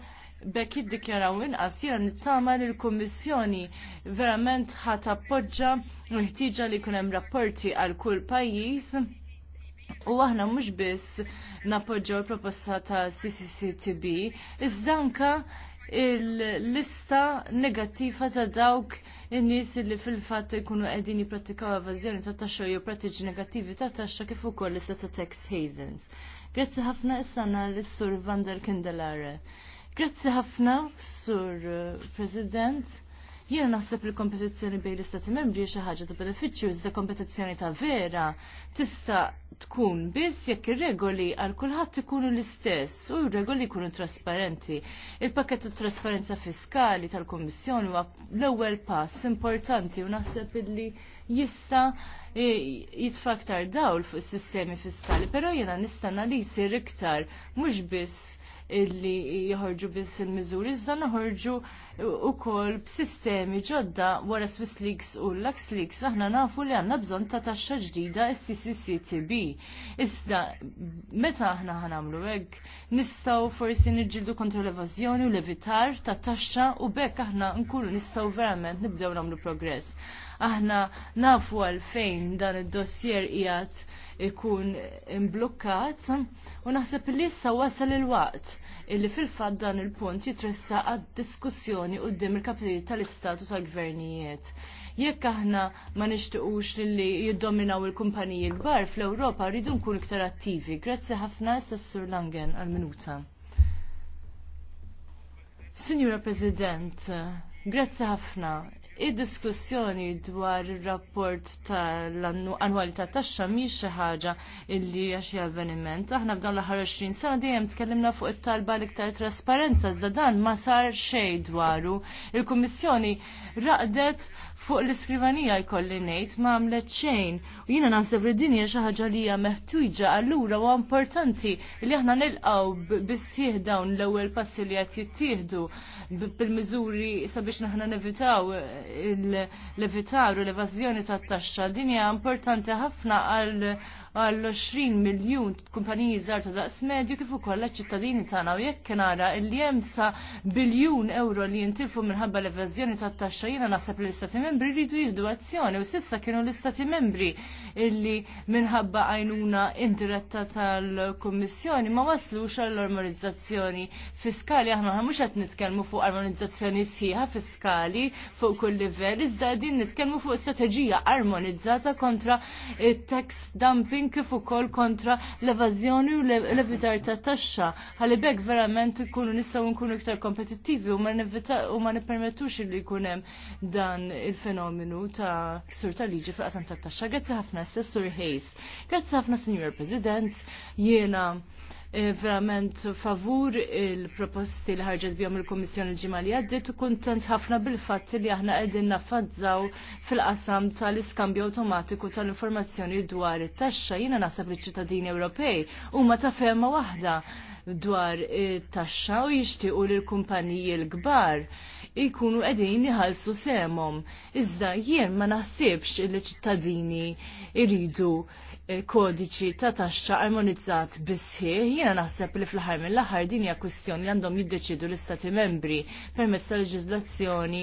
Speaker 3: bekk jiddikjaraw inqas jiena nittama li l-Kummissjoni verament ħat appoġġa l-ħtiġa li jkun hemm rapporti għal kull pajjiż U aħna mhux biss nappoġġaw il-proposta ta' CCCTB, iżda il-lista negattiva ta' dawk in nis li fil-fatt ikunu qegħdin jipprattikaw evażjoni ta' taxxa jew pratiġi negattivi ta' taxxa kif ukoll issa ta' tax havens. Grazzi ħafna issa lis sur Van der Kendelare. Grazzi ħafna, Sur President. Jiena naħseb li kompetizzjoni bejn l-istati membri xi ħaġa ta' benefiċċju iżda kompetizzjoni ta' vera tista' tkun biss jekk ir-regoli għal kulħadd ikunu l-istess u r-regoli jkunu trasparenti. Il-pakket ta' trasparenza fiskali tal-Kommissjoni huwa l-ewwel pass importanti u naħseb illi jista' jitfaktar dawl fuq is-sistemi fiskali, però jiena nistanna li jsir iktar mhux biss illi joħorġu biss il-miżuri, iżda kol b b'sistemi ġodda wara Swiss Leaks u Lux Leaks aħna nafu li għandna bżonn ta' taxxa ġdida s-CCCTB. Iżda meta aħna ħanamlu hekk nistgħu forsi niġġieldu kontro l-evażjoni u levitar ta' taxxa u bekk aħna nkunu nistgħu verament nibdew nagħmlu progress. Aħna nafu għalfejn dan id-dossier qiegħed ikun imblukkat u naħseb li issa wasal il-waqt illi fil-fatt dan il-punt jitressa għad-diskussjoni d-dim il-kapitali tal-istatu tal-gvernijiet jekk aħna ma nixtiqux li jiddominaw il-kumpaniji kbar fl-Ewropa rridu nkun iktar attivi. Grazzi ħafna Sessur Langen għal-minuta. Signora President, grazzi ħafna. Id-diskussjoni dwar ir-rapport tal-annwalità taxxa mhix xi ħaġa illi hija xi avveniment. Aħna f'dan l-aħħar 20 sena dejjem tkellimna fuq it-talba l-iktar trasparenza iżda dan ma sar xejn dwaru. Il-Kummissjoni raqdet fuq l-iskrivanija jkolli ngħid ma għamlet xejn u jiena nasib li din hija xi ħaġa li hija meħtieġa allura huwa importanti li aħna nilqgħu bissieħ dawn l-ewwel passi li qed jittieħdu bil-miżuri sabiex naħna nevitaw l-evitar u l-evażjoni tat-taxxa din hija importanti ħafna għal għal 20 miljun kumpaniji żgħar ta' daqs medju kif ukoll ċittadini tagħna u jekk nara li hemm sa biljun euro li jintilfu minħabba l-evażjoni tat-taxxa jiena naħseb li l-Istati Membri jridu jieħdu azzjoni u sissa kienu l-Istati Membri illi minħabba għajnuna indiretta tal-Kummissjoni ma waslux għall armonizzazzjoni fiskali aħna mhux qed nitkellmu fuq armonizzazzjoni sħiħa fiskali fuq kull livell, iżda qegħdin nitkellmu fuq strateġija armonizzata kontra it-tax dumping fin kif ukoll kontra l-evażjoni u l-evitar ta' taxxa. Ħalli bekk verament ikunu nistgħu nkunu iktar kompetittivi u ma nippermettux li jkun hemm dan il-fenomenu ta' ksur ta' liġi fil-qasam ta' taxxa. Grazzi ħafna Sessur Hayes. Grazzi ħafna Sinjur President. Jiena Eh, verament favur il-proposti li ħarġet bihom il-Komissjoni ġimgħa li għaddiet u kontent ħafna bil-fatt li aħna qegħdin naffazzaw fil-qasam tal-iskambju awtomatiku tal-informazzjoni dwar it-taxxa. Jiena naħseb li ċittadini Ewropej huma ta' ferma waħda dwar it-taxxa u jixtiequ l kumpaniji l-kbar ikunu qegħdin jħallsu semhom. Iżda jien ma naħsibx li ċittadini iridu kodiċi ta' taxxa armonizzat bisħieħ, jiena naħseb li fl-ħar mill-aħħar din hija kwistjoni li għandhom jiddeċidu l-Istati membri permezz ta' leġiżlazzjoni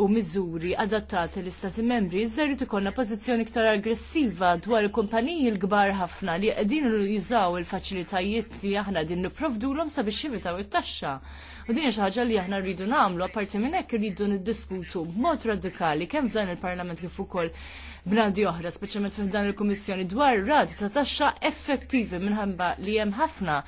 Speaker 3: u miżuri adattati l-Istati membri. Iżda jrid ikollna pożizzjoni iktar aggressiva dwar il-kumpaniji l-kbar ħafna li qegħdin jużaw il-faċilitajiet li aħna din nipprovdulhom sabiex jivitaw it-taxxa. U din xi ħaġa li aħna rridu nagħmlu apparti minn hekk irridu niddiskutu b'mod radikali kemm f'dan il-Parlament kif ukoll b'nadi oħra, speċjalment f'dan il-Kummissjoni dwar rad ta' taxxa effettivi minħabba li hemm ħafna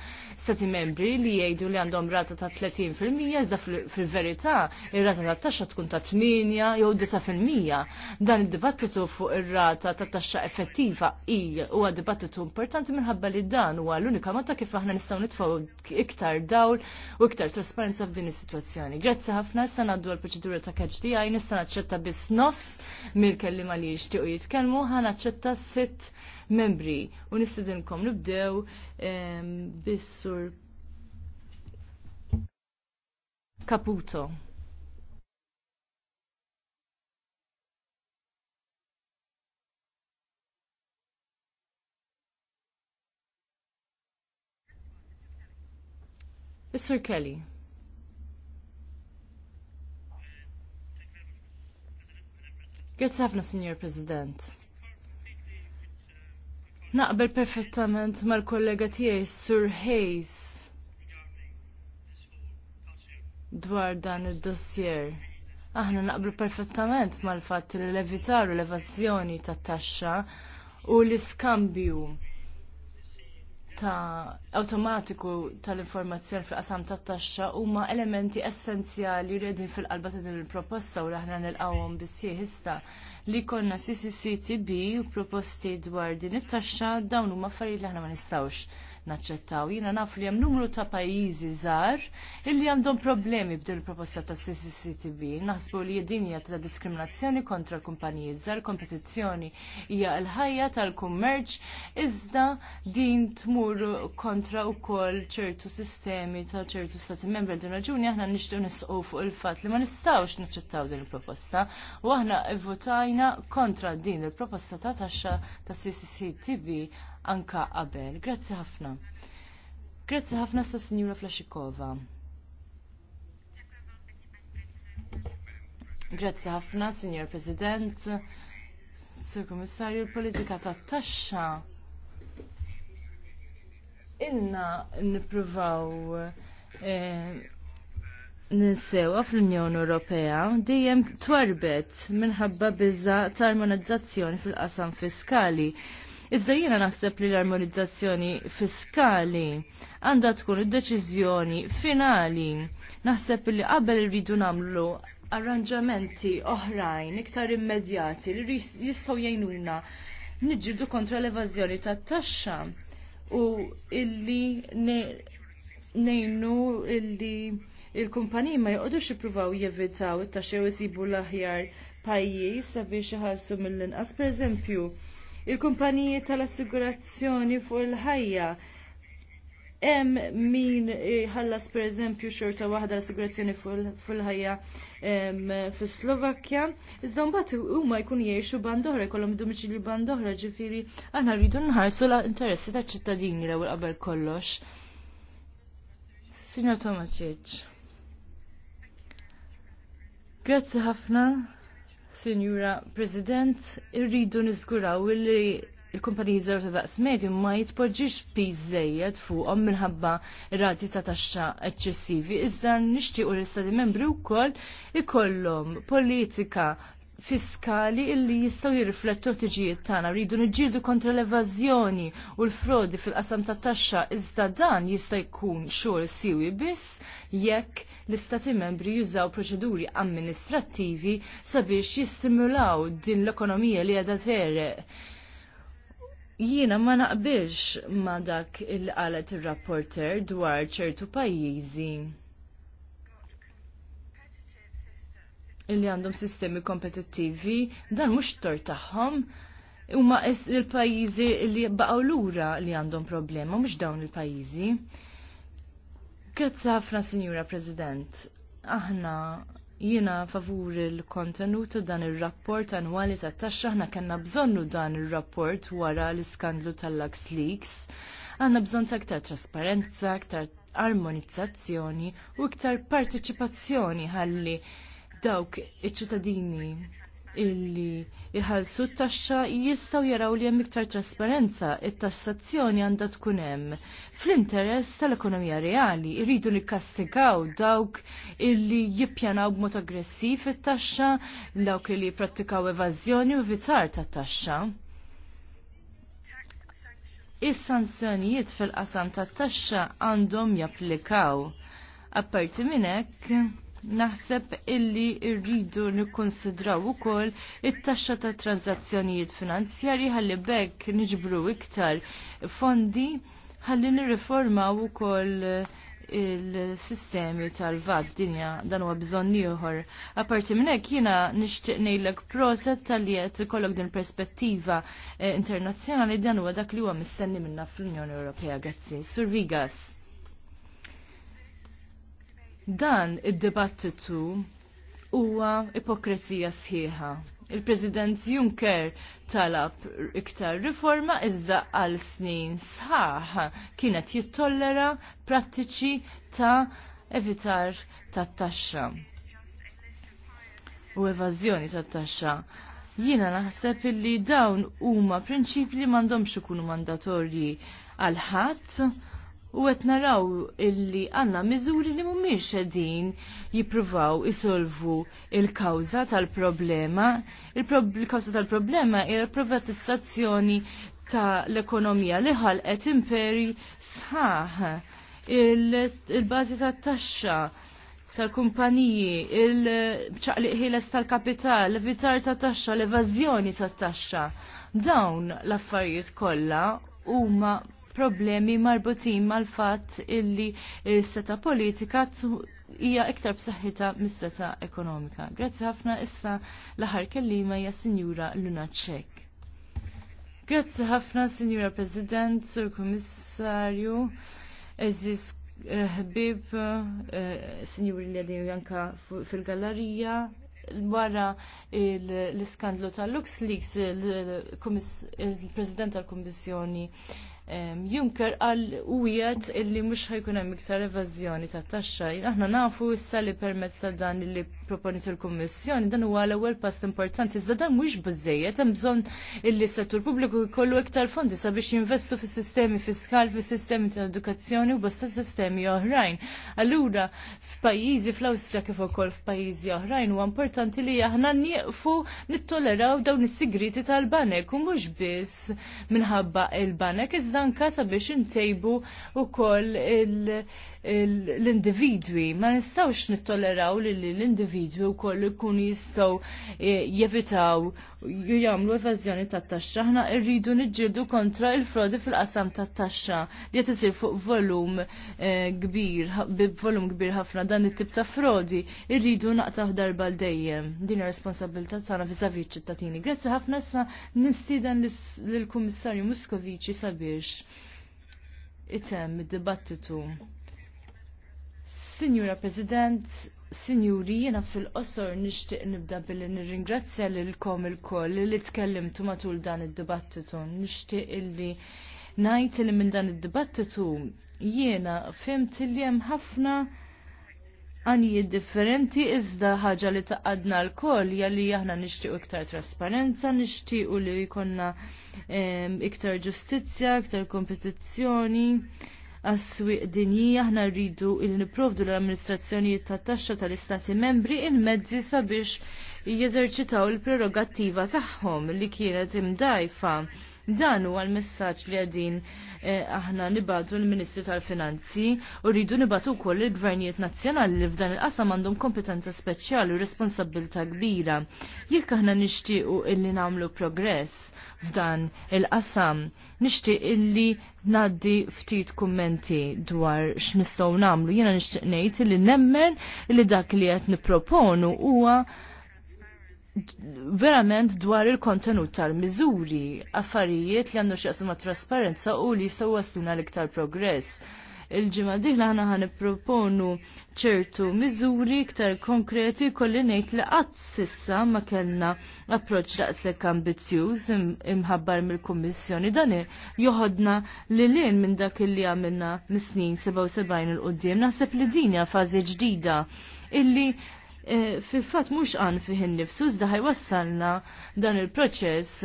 Speaker 3: stati membri li jgħidu li għandhom rata ta' 30% iżda fil-verità ir-rata ta' taxxa tkun ta' 8 jew 9%. Dan id-dibattitu fuq ir-rata ta' taxxa effettiva hija huwa dibattitu importanti minħabba li dan huwa l-unika meta kif aħna nistgħu nitfgħu iktar dawl u iktar trasparenti differenza f'din is-sitwazzjoni. Grazzi ħafna issa ngħaddu għall-proċedura ta' catch di nista' naċċetta biss nofs mill ma li jixtiequ jitkellmu ħa naċċetta sitt membri u nistidinkom nibdew bis-sur Caputo. Mr. Kelly. Grazie ħafna, Signor President. Naqbel perfettament mal-kollega tiegħi Sur Hayes dwar dan id-dossier. Aħna naqblu perfettament mal-fatt li l u l-evazzjoni tat-taxxa u l-iskambju ta' automatiku tal-informazzjoni fil-qasam tat taxxa huma elementi essenzjali li qegħdin fil-qalba ta' din il-proposta u aħna nilqawhom bissieħ issa li konna CCCTB u proposti dwar din it-taxxa dawn huma affarijiet li aħna ma nistgħux naċċettaw. Jiena naf li hemm numru ta' pajjiżi żgħar illi għandhom problemi b'din il-proposta ta' CCCTB. Naħsbu li din hija ta' diskriminazzjoni kontra l-kumpaniji żgħar, kompetizzjoni hija l-ħajja tal-kummerċ iżda din tmur kontra wkoll ċertu sistemi ta' ċertu stati membri din raġuni aħna nixtieq nisqu fuq il-fatt li ma nistgħux naċċettaw din il-proposta u aħna votajna kontra din il-proposta ta' taxxa ta' CCCTB anka qabel. Grazzi ħafna. Grazzi ħafna sa' Sinjura Flashikova. Grazzi ħafna, Signor President, Sur Komissarju, l-politika ta' taxxa. Inna nipruvaw eh, ninsewa fl-Unjoni Ewropea dejjem twarbet minħabba biża ta' armonizzazzjoni fil-qasam fiskali. Iżda jiena naħseb li l-armonizzazzjoni fiskali għandha tkun id-deċiżjoni finali. Naħseb li qabel irridu nagħmlu arranġamenti oħrajn iktar immedjati li jistgħu jgħinulna niġġibdu kontra l-evażjoni tat-taxxa u illi nejnu illi il-kumpaniji ma jqodux jippruvaw jevitaw it-taxxa u jsibu l-aħjar pajjiż sabiex iħallsu mill-inqas pereżempju il-kumpaniji tal-assigurazzjoni fuq il-ħajja. Hemm min ħallas pereżempju xorta waħda l-assigurazzjoni fuq il-ħajja fis Slovakkja, iżda mbagħad huma jkun jgħixu bandoħra jkollhom domiċilju bandohra, ġifieri aħna rridu nħarsu l-interessi ta' ċittadini l-ewwel qabel kollox. Signor Tomacic. Grazzi ħafna, Sinjura President, irridu niżguraw illi il-kumpaniji żewġ ta' daqs medju ma jitpoġġix piżejjed fuqhom minħabba rati ta' taxxa eċċessivi, iżda nixtiequ l-Istati Membri wkoll ikollhom politika fiskali illi jistaw jirriflettu t-ġijiet tagħna rridu niġġieldu kontra l-evażjoni u l-frodi fil-qasam ta' taxxa iżda dan jista' jkun xogħol siwi biss jekk l-istati membri jużaw proċeduri amministrattivi sabiex jistimulaw din l-ekonomija li għadha tereq. Jiena ma naqbilx ma dak il qalet ir-rapporter dwar ċertu pajjiżi illi għandhom sistemi kompetittivi, dan mhux tor tagħhom. Huma il-pajjiżi li baqgħu lura li għandhom problema, mhux dawn il-pajjiżi. Grazzi ħafna, Sinjura President. Aħna jina favur il-kontenut dan il-rapport annwali ta' taxxa ħna kanna bżonnu dan il-rapport wara l-iskandlu tal-Lux Leaks. Għanna bżon ta' aktar trasparenza, aktar armonizzazzjoni u iktar partiċipazzjoni ħalli dawk iċ-ċittadini illi jħallsu t-taxxa jistgħu jaraw li hemm iktar trasparenza, it-tassazzjoni għandha tkun hemm. Fl-interess tal-ekonomija reali jridu nikkastigaw dawk illi jippjanaw b'mod aggressiv it-taxxa, dawk illi jipprattikaw evażjoni u vitar tat-taxxa. Is-sanzjonijiet fil-qasam tat-taxxa għandhom japplikaw. Apparti minn hekk, naħseb illi rridu nikkonsidraw ukoll it-taxxa ta' tranzazzjonijiet finanzjarji ħalli bekk niġbru iktar fondi ħalli nirriformaw ukoll il-sistemi tal-vat dinja dan huwa bżonn ieħor. Aparti minn hekk jiena nixtieq ngħidlek proset tal qed ikollok din perspettiva eh, internazzjonali dan huwa dak li huwa mistenni minna fl-Unjoni Ewropea. Grazzi. Sur Vigas. Dan id-dibattitu huwa ipokrizija sħiħa. Il-President Juncker talab iktar riforma iżda għal snin sħaħ kienet jittollera prattiċi ta' evitar ta' taxxa u evażjoni ta' taxxa. Jiena naħseb illi dawn huma prinċipji li m'għandhomx ikunu mandatorji għal ħadd u qed naraw illi għandna miżuri li mhumiex qegħdin jippruvaw isolvu il-kawża tal-problema. Il-kawża tal-problema hija privatizzazzjoni ta' l-ekonomija li ħalqet imperi sħaħ il-bażi il tat-taxxa tal-kumpaniji, il-ċaqliq ħiles tal-kapital, l-vitar ta' taxxa, l-evażjoni ta' taxxa. Dawn l-affarijiet kollha huma problemi marbutin mal-fatt illi s-seta politika hija iktar b'saħħitha mis-seta ekonomika. Grazzi ħafna issa l-aħħar kellima hija Sinjura Luna Ċek. Grazzi ħafna Sinjura President, Sur Kummissarju, Eżis eh, ħbib, eh, Sinjuri li għadin janka fil-gallerija, wara l-iskandlu tal-LuxLeaks, il-President tal-Kommissjoni Junker għal u jgħed illi mux ħajkun hemm iktar evażjoni ta' taxxa. Aħna nafu issa li permezz ta' dan li Proponit il-Kummissjoni, dan huwa l-ewwel pass importanti, iżda dan mhux biżejjed, hemm bżonn illi settur pubbliku jkollu iktar fondi sabiex jinvestu fis-sistemi fiskal, fis-sistemi ta' edukazzjoni u bosta sistemi oħrajn. Allura f'pajjiżi fl awstra kif ukoll f'pajjiżi oħrajn huwa importanti li aħna nieqfu nittoleraw dawn is-sigriti tal-banek u mhux biss minħabba il-banek iżda anke sabiex intejbu ukoll l-individwi. Ma nistgħux nittoleraw li l-individwi individwi u koll ikun jistaw e, jevitaw ju jamlu evazjoni ta' taxxa. Ħna irridu nġildu kontra il-frodi fil-qasam ta' taxxa li qed isir fuq volum e, kbir, volum kbir ħafna dan it-tip ta' frodi. Irridu naqtaħ darba l-dejjem. Din responsabilità tagħna viżavi ċ ċittatini. Grazzi ħafna issa nistieden lill-Kummissarju Muskovici sabiex item id-dibattitu. Signora President, Signuri, jena fil-qosor nishtiq nibda billi nirringrazzja lilkom il-koll li tkellimtu matul dan id-dibattitu. Nishtiq illi najt li minn dan id-dibattitu jiena fimt li hemm ħafna għanijiet differenti iżda ħaġa li taqadna l-koll jalli jahna nishtiqu iktar trasparenza, u li jikonna ehm, iktar ġustizja, iktar kompetizzjoni għas-swieq dinji aħna rridu il niprovdu l amministrazzjoni tat-taxxa tal-istati membri il-mezzi sabiex jeżerċitaw il-prerogattiva tagħhom li kienet imdajfa Dan huwa l-messaġġ li għadin eh, aħna nibadu l-Ministru tal-Finanzi u rridu nibatu wkoll il-Gvernijiet Nazzjonali li f'dan il-qasam għandhom kompetenza speċjali u responsabilità kbira. Jekk aħna nixtiequ illi nagħmlu progress f'dan il-qasam, nixtieq illi naddi ftit kummenti dwar x'nistgħu nagħmlu. Jiena nixtieq ngħid illi nemmen illi dak li qed nipproponu huwa verament dwar il-kontenut tal-miżuri, affarijiet li għandu xaqsma trasparenza u li jistgħu għastuna l-iktar progress. il ġimma diħna ħana ħan proponu ċertu miżuri iktar konkreti kolli ngħid li qatt sissa ma kellna approċċ daqshekk ambizzjuż imħabbar mill-Kummissjoni dani joħodna li lin minn dak li għamilna mis-snin 77 il-qudiem. Naħseb li dinja fażi ġdida illi Eh, fil-fat mux għan fiħin nifsu, zda ħajwassalna dan il-proċess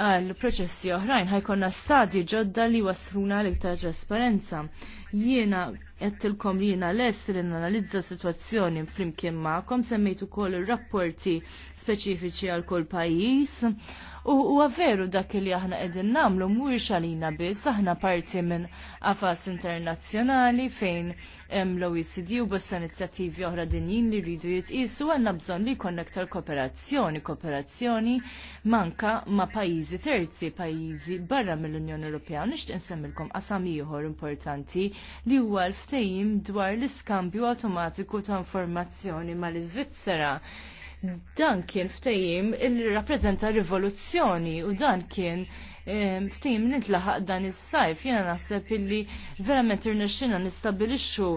Speaker 3: għal proċessi oħrajn, ħajkonna stadji ġodda li wasruna l-iktar trasparenza. Jiena għettilkom li jiena lest li nanalizza situazzjoni flimkien ma'kom, semmejtu kol il-rapporti speċifiċi għal kol pajis U veru dak li aħna qegħdin nagħmlu mhuwiex għalina biss aħna parti minn għafas internazzjonali fejn hemm l-OECD u bosta inizjattivi oħra dinjin li rridu jitqisu għandna bżonn li konnektar aktar kooperazzjoni, kooperazzjoni manka ma' pajjiżi terzi, pajjiżi barra mill-Unjoni Ewropea. Nixtieq insemmilkom qasam ieħor importanti li huwa l-ftehim dwar l-iskambju awtomatiku ta' informazzjoni mal-Iżvizzera Dan kien ftejim il rappreżenta rivoluzzjoni u dan kien ftejim li dan is-sajf. Jiena naħseb illi verament irnexxina nistabilixxu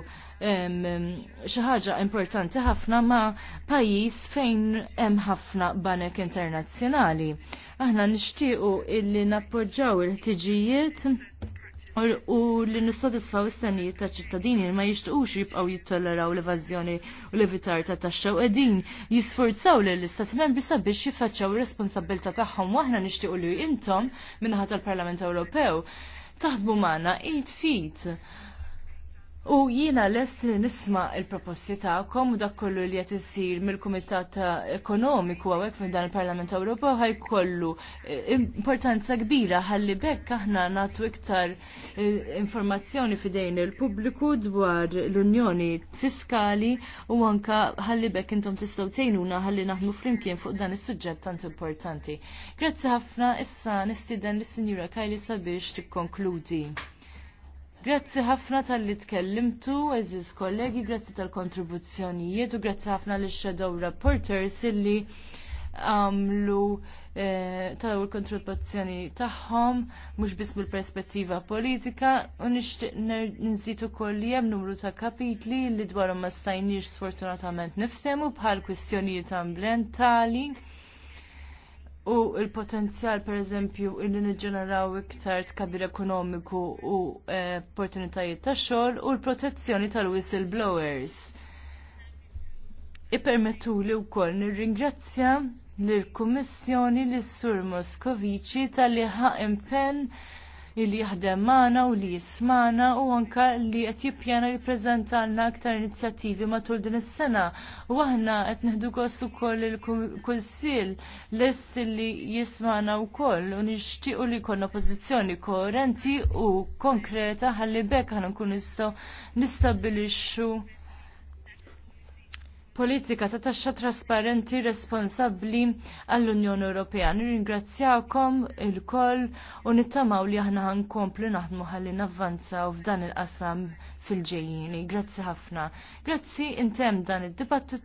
Speaker 3: xi ħaġa importanti ħafna ma' pajjiż fejn hemm ħafna banek internazzjonali. Aħna nixtiequ illi nappoġġjaw il-ħtiġijiet U li nissodisfaw istanijiet ta' ċittadini ma jixtuqux jibqaw jittolleraw l-evażjoni u l-evitar ta' taxxa u qegħdin jisforzaw l istat membri sabiex jiffaċċaw ir-responsabilità tagħhom waħna nixtiequ li intom minnaħat tal-Parlament Ewropew taħdmu magħna 8 fit U jiena lest li nisma il-proposti ta' u dak kollu li qed mil mill-Kumitat Ekonomiku għawek fin dan il-Parlament Ewropew ħajkollu eh, importanza kbira ħalli bekk aħna nagħtu iktar eh, informazzjoni fidejn il-pubbliku dwar l-Unjoni Fiskali u anka ħalli bekk intom tistgħu tgħinuna ħalli naħdmu flimkien fuq dan is-suġġett tant importanti. Grazzi ħafna issa nistieden lis-Sinjura Kajli sabiex tikkonkludi. Grazzi ħafna tal-li tkellimtu, eżis kollegi, grazzi tal-kontribuzzjonijiet u grazzi ħafna li shadow reporters illi għamlu eh, ta' u l-kontribuzzjoni tagħhom mhux bis mill-perspettiva politika u nixtieq ninsitu kolli hemm numru ta' kapitli li dwarhom ma stajniex sfortunatament niftemu bħal kwistjonijiet ambientali u il-potenzjal per eżempju illi nġeneraw iktar tkabir ekonomiku u eh, opportunitajiet ta' xogħol u l-protezzjoni tal-whistleblowers. Ipermettu li wkoll nirringrazzja lill-Kummissjoni lis sur Moscovici tal-li ħaq impenn li jaħdem magħna u li jismana u anka li qed jippjana jippreżentalna aktar inizjattivi matul din is-sena. U aħna qed neħdu gost ukoll il-kunsill lest li jismana wkoll u nixtiequ li jkollna pożizzjoni koerenti u konkreta ħalli bekk ħana nkun nistgħu nistabbilixxu politika ta' taxxa trasparenti responsabbli għall-Unjoni Ewropea. Nirringrazzjakom il-koll u nittamaw li aħna ħankomplu naħdmu ħalli navvanzaw f'dan il-qasam fil-ġejjini. Grazzi ħafna. Grazzi intem dan id-dibattitu.